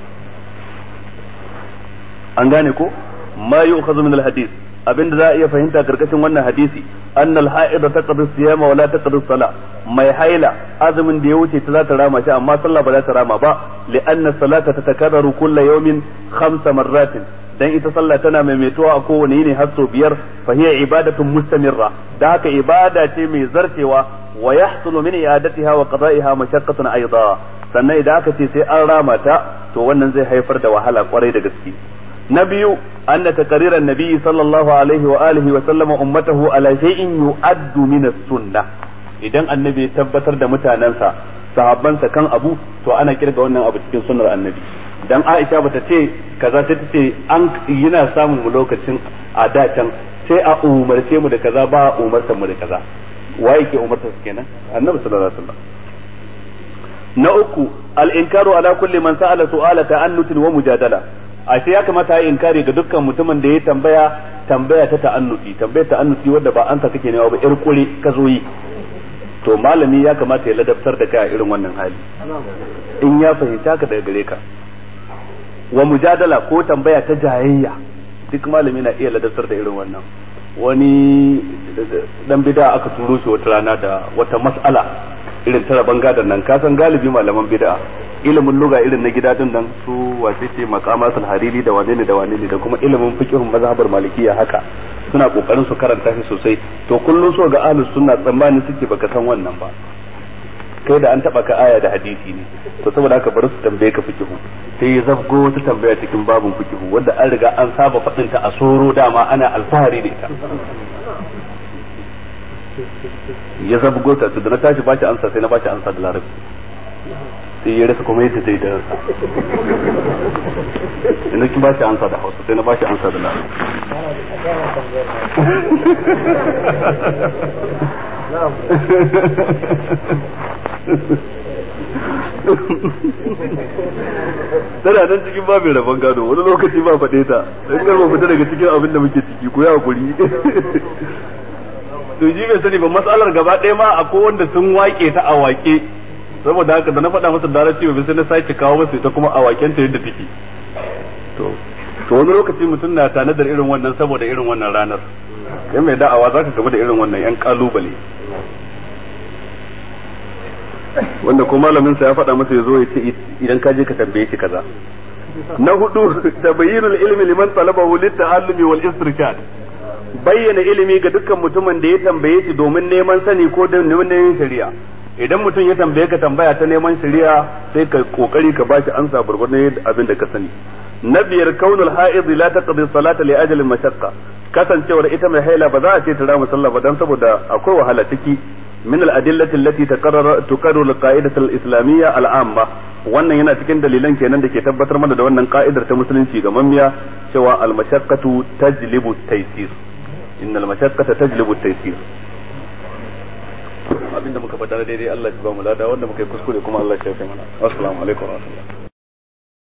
an gane ko ma yu'khadhu min al-hadith abinda za a iya fahimta karkashin wannan hadisi annal haida taqdi siyama wala taqdi sala mai haila azumin da ya wuce ta za ta rama shi amma sallah ba za ta rama ba li anna salata tatakarraru kullu yawmin khamsa marratin dan ita sallah tana maimaituwa a kowane yini har sau biyar fa hiya ibadatun mustamirra da haka ibada ce mai zartewa wa yahsulu min i'adatiha wa qada'iha mashaqqatun aidan sannan idan aka ce sai an rama ta to wannan zai haifar da wahala kwarai da gaske na biyu an da takarirar nabi sallallahu alaihi wa alihi wa sallama ummatahu ala shay'in yu'addu min as-sunnah idan annabi ya tabbatar da mutanansa sahabbansa kan abu to ana kirga wannan abu cikin sunnar annabi dan Aisha bata ce kaza sai tace an yana samun mu lokacin a da can sai a umarce mu da kaza ba a mu da kaza waye ke umarta su kenan annabi sallallahu alaihi wasallam na uku al-inkaru ala kulli man sa'ala su'ala ta'annutin wa mujadala a sai ya kamata ya inkari ga dukkan mutumin da ya tambaya tambaya ta ta'annufi tambaya ta'annufi wadda ba an kake nema ba yar kure ka zo yi to malami ya kamata ya ladabtar da kai a irin wannan hali in ya fahimta ka daga gare ka wa mujadala ko tambaya ta jayayya duk malami na iya ladabtar da irin wannan wani dan bida aka turo shi wata rana da wata mas'ala irin tara banga nan kasan galibi malaman bid'a ilimin luga irin na gida din nan su wace ce maqamatul hariri da wane ne da wane ne da kuma ilimin fiqhun mazhabar malikiyya haka suna kokarin su karanta shi sosai to kullun so ga ahlus sunna tsammani suke baka san wannan ba kai da an taba ka aya da hadisi ne to saboda haka bari su tambaye ka fiqhu sai ya zabgo wata tambaya cikin babun fiqhu wanda an riga an saba fadin ta a soro dama ana alfahari da ita ya zabgo ta da na tashi bashi ansa sai na ba bashi ansa da larabi. sai ya rasa kuma yadda zai dara ina kin ba shi ansa da Hausa sai na ba shi ansa da Larabci tana nan cikin babin rabon gado wani lokaci ba faɗe ta in karba fita daga cikin abin da muke ciki ku yi hakuri to ji bai sani ba matsalar gaba ɗaya ma a wanda sun wake ta a wake saboda haka da na faɗa masa da larabci bai sai na sake kawo masa ita kuma a waken ta yadda take to to wani lokaci mutum na da irin wannan saboda irin wannan ranar kai mai da'awa zaka gaba da irin wannan yan kalubale wanda ko malamin sa ya faɗa masa ya zo ya ce idan ka je ka tambaye shi kaza na hudu tabayyinul ilmi liman talabahu lit-ta'allumi wal istirshad bayyana ilimi ga dukkan mutumin da ya tambaye shi domin neman sani ko domin neman shari'a idan mutum ya tambaye ka tambaya ta neman shari'a sai ka kokari ka bashi ansa burgurne abin da ka sani na biyar kaunul ha'iz la taqdi salata li ajalin mashaqqa kasancewar ita mai haila ba za a ce ta rama sallah ba dan saboda akwai wahala ciki min al adillati allati taqarrar tuqarru al qa'idatu al islamiyya al amma wannan yana cikin dalilan kenan da ke tabbatar mana da wannan ka'idar ta musulunci ga mamiya cewa al mashaqqatu tajlibu at-taysir innal mashaqqata tajlibu at-taysir abinda muka faɗa daidai Allah ya ba mu lada wanda muka yi kuskure kuma Allah ya shafe mana assalamu alaikum wa rahmatullahi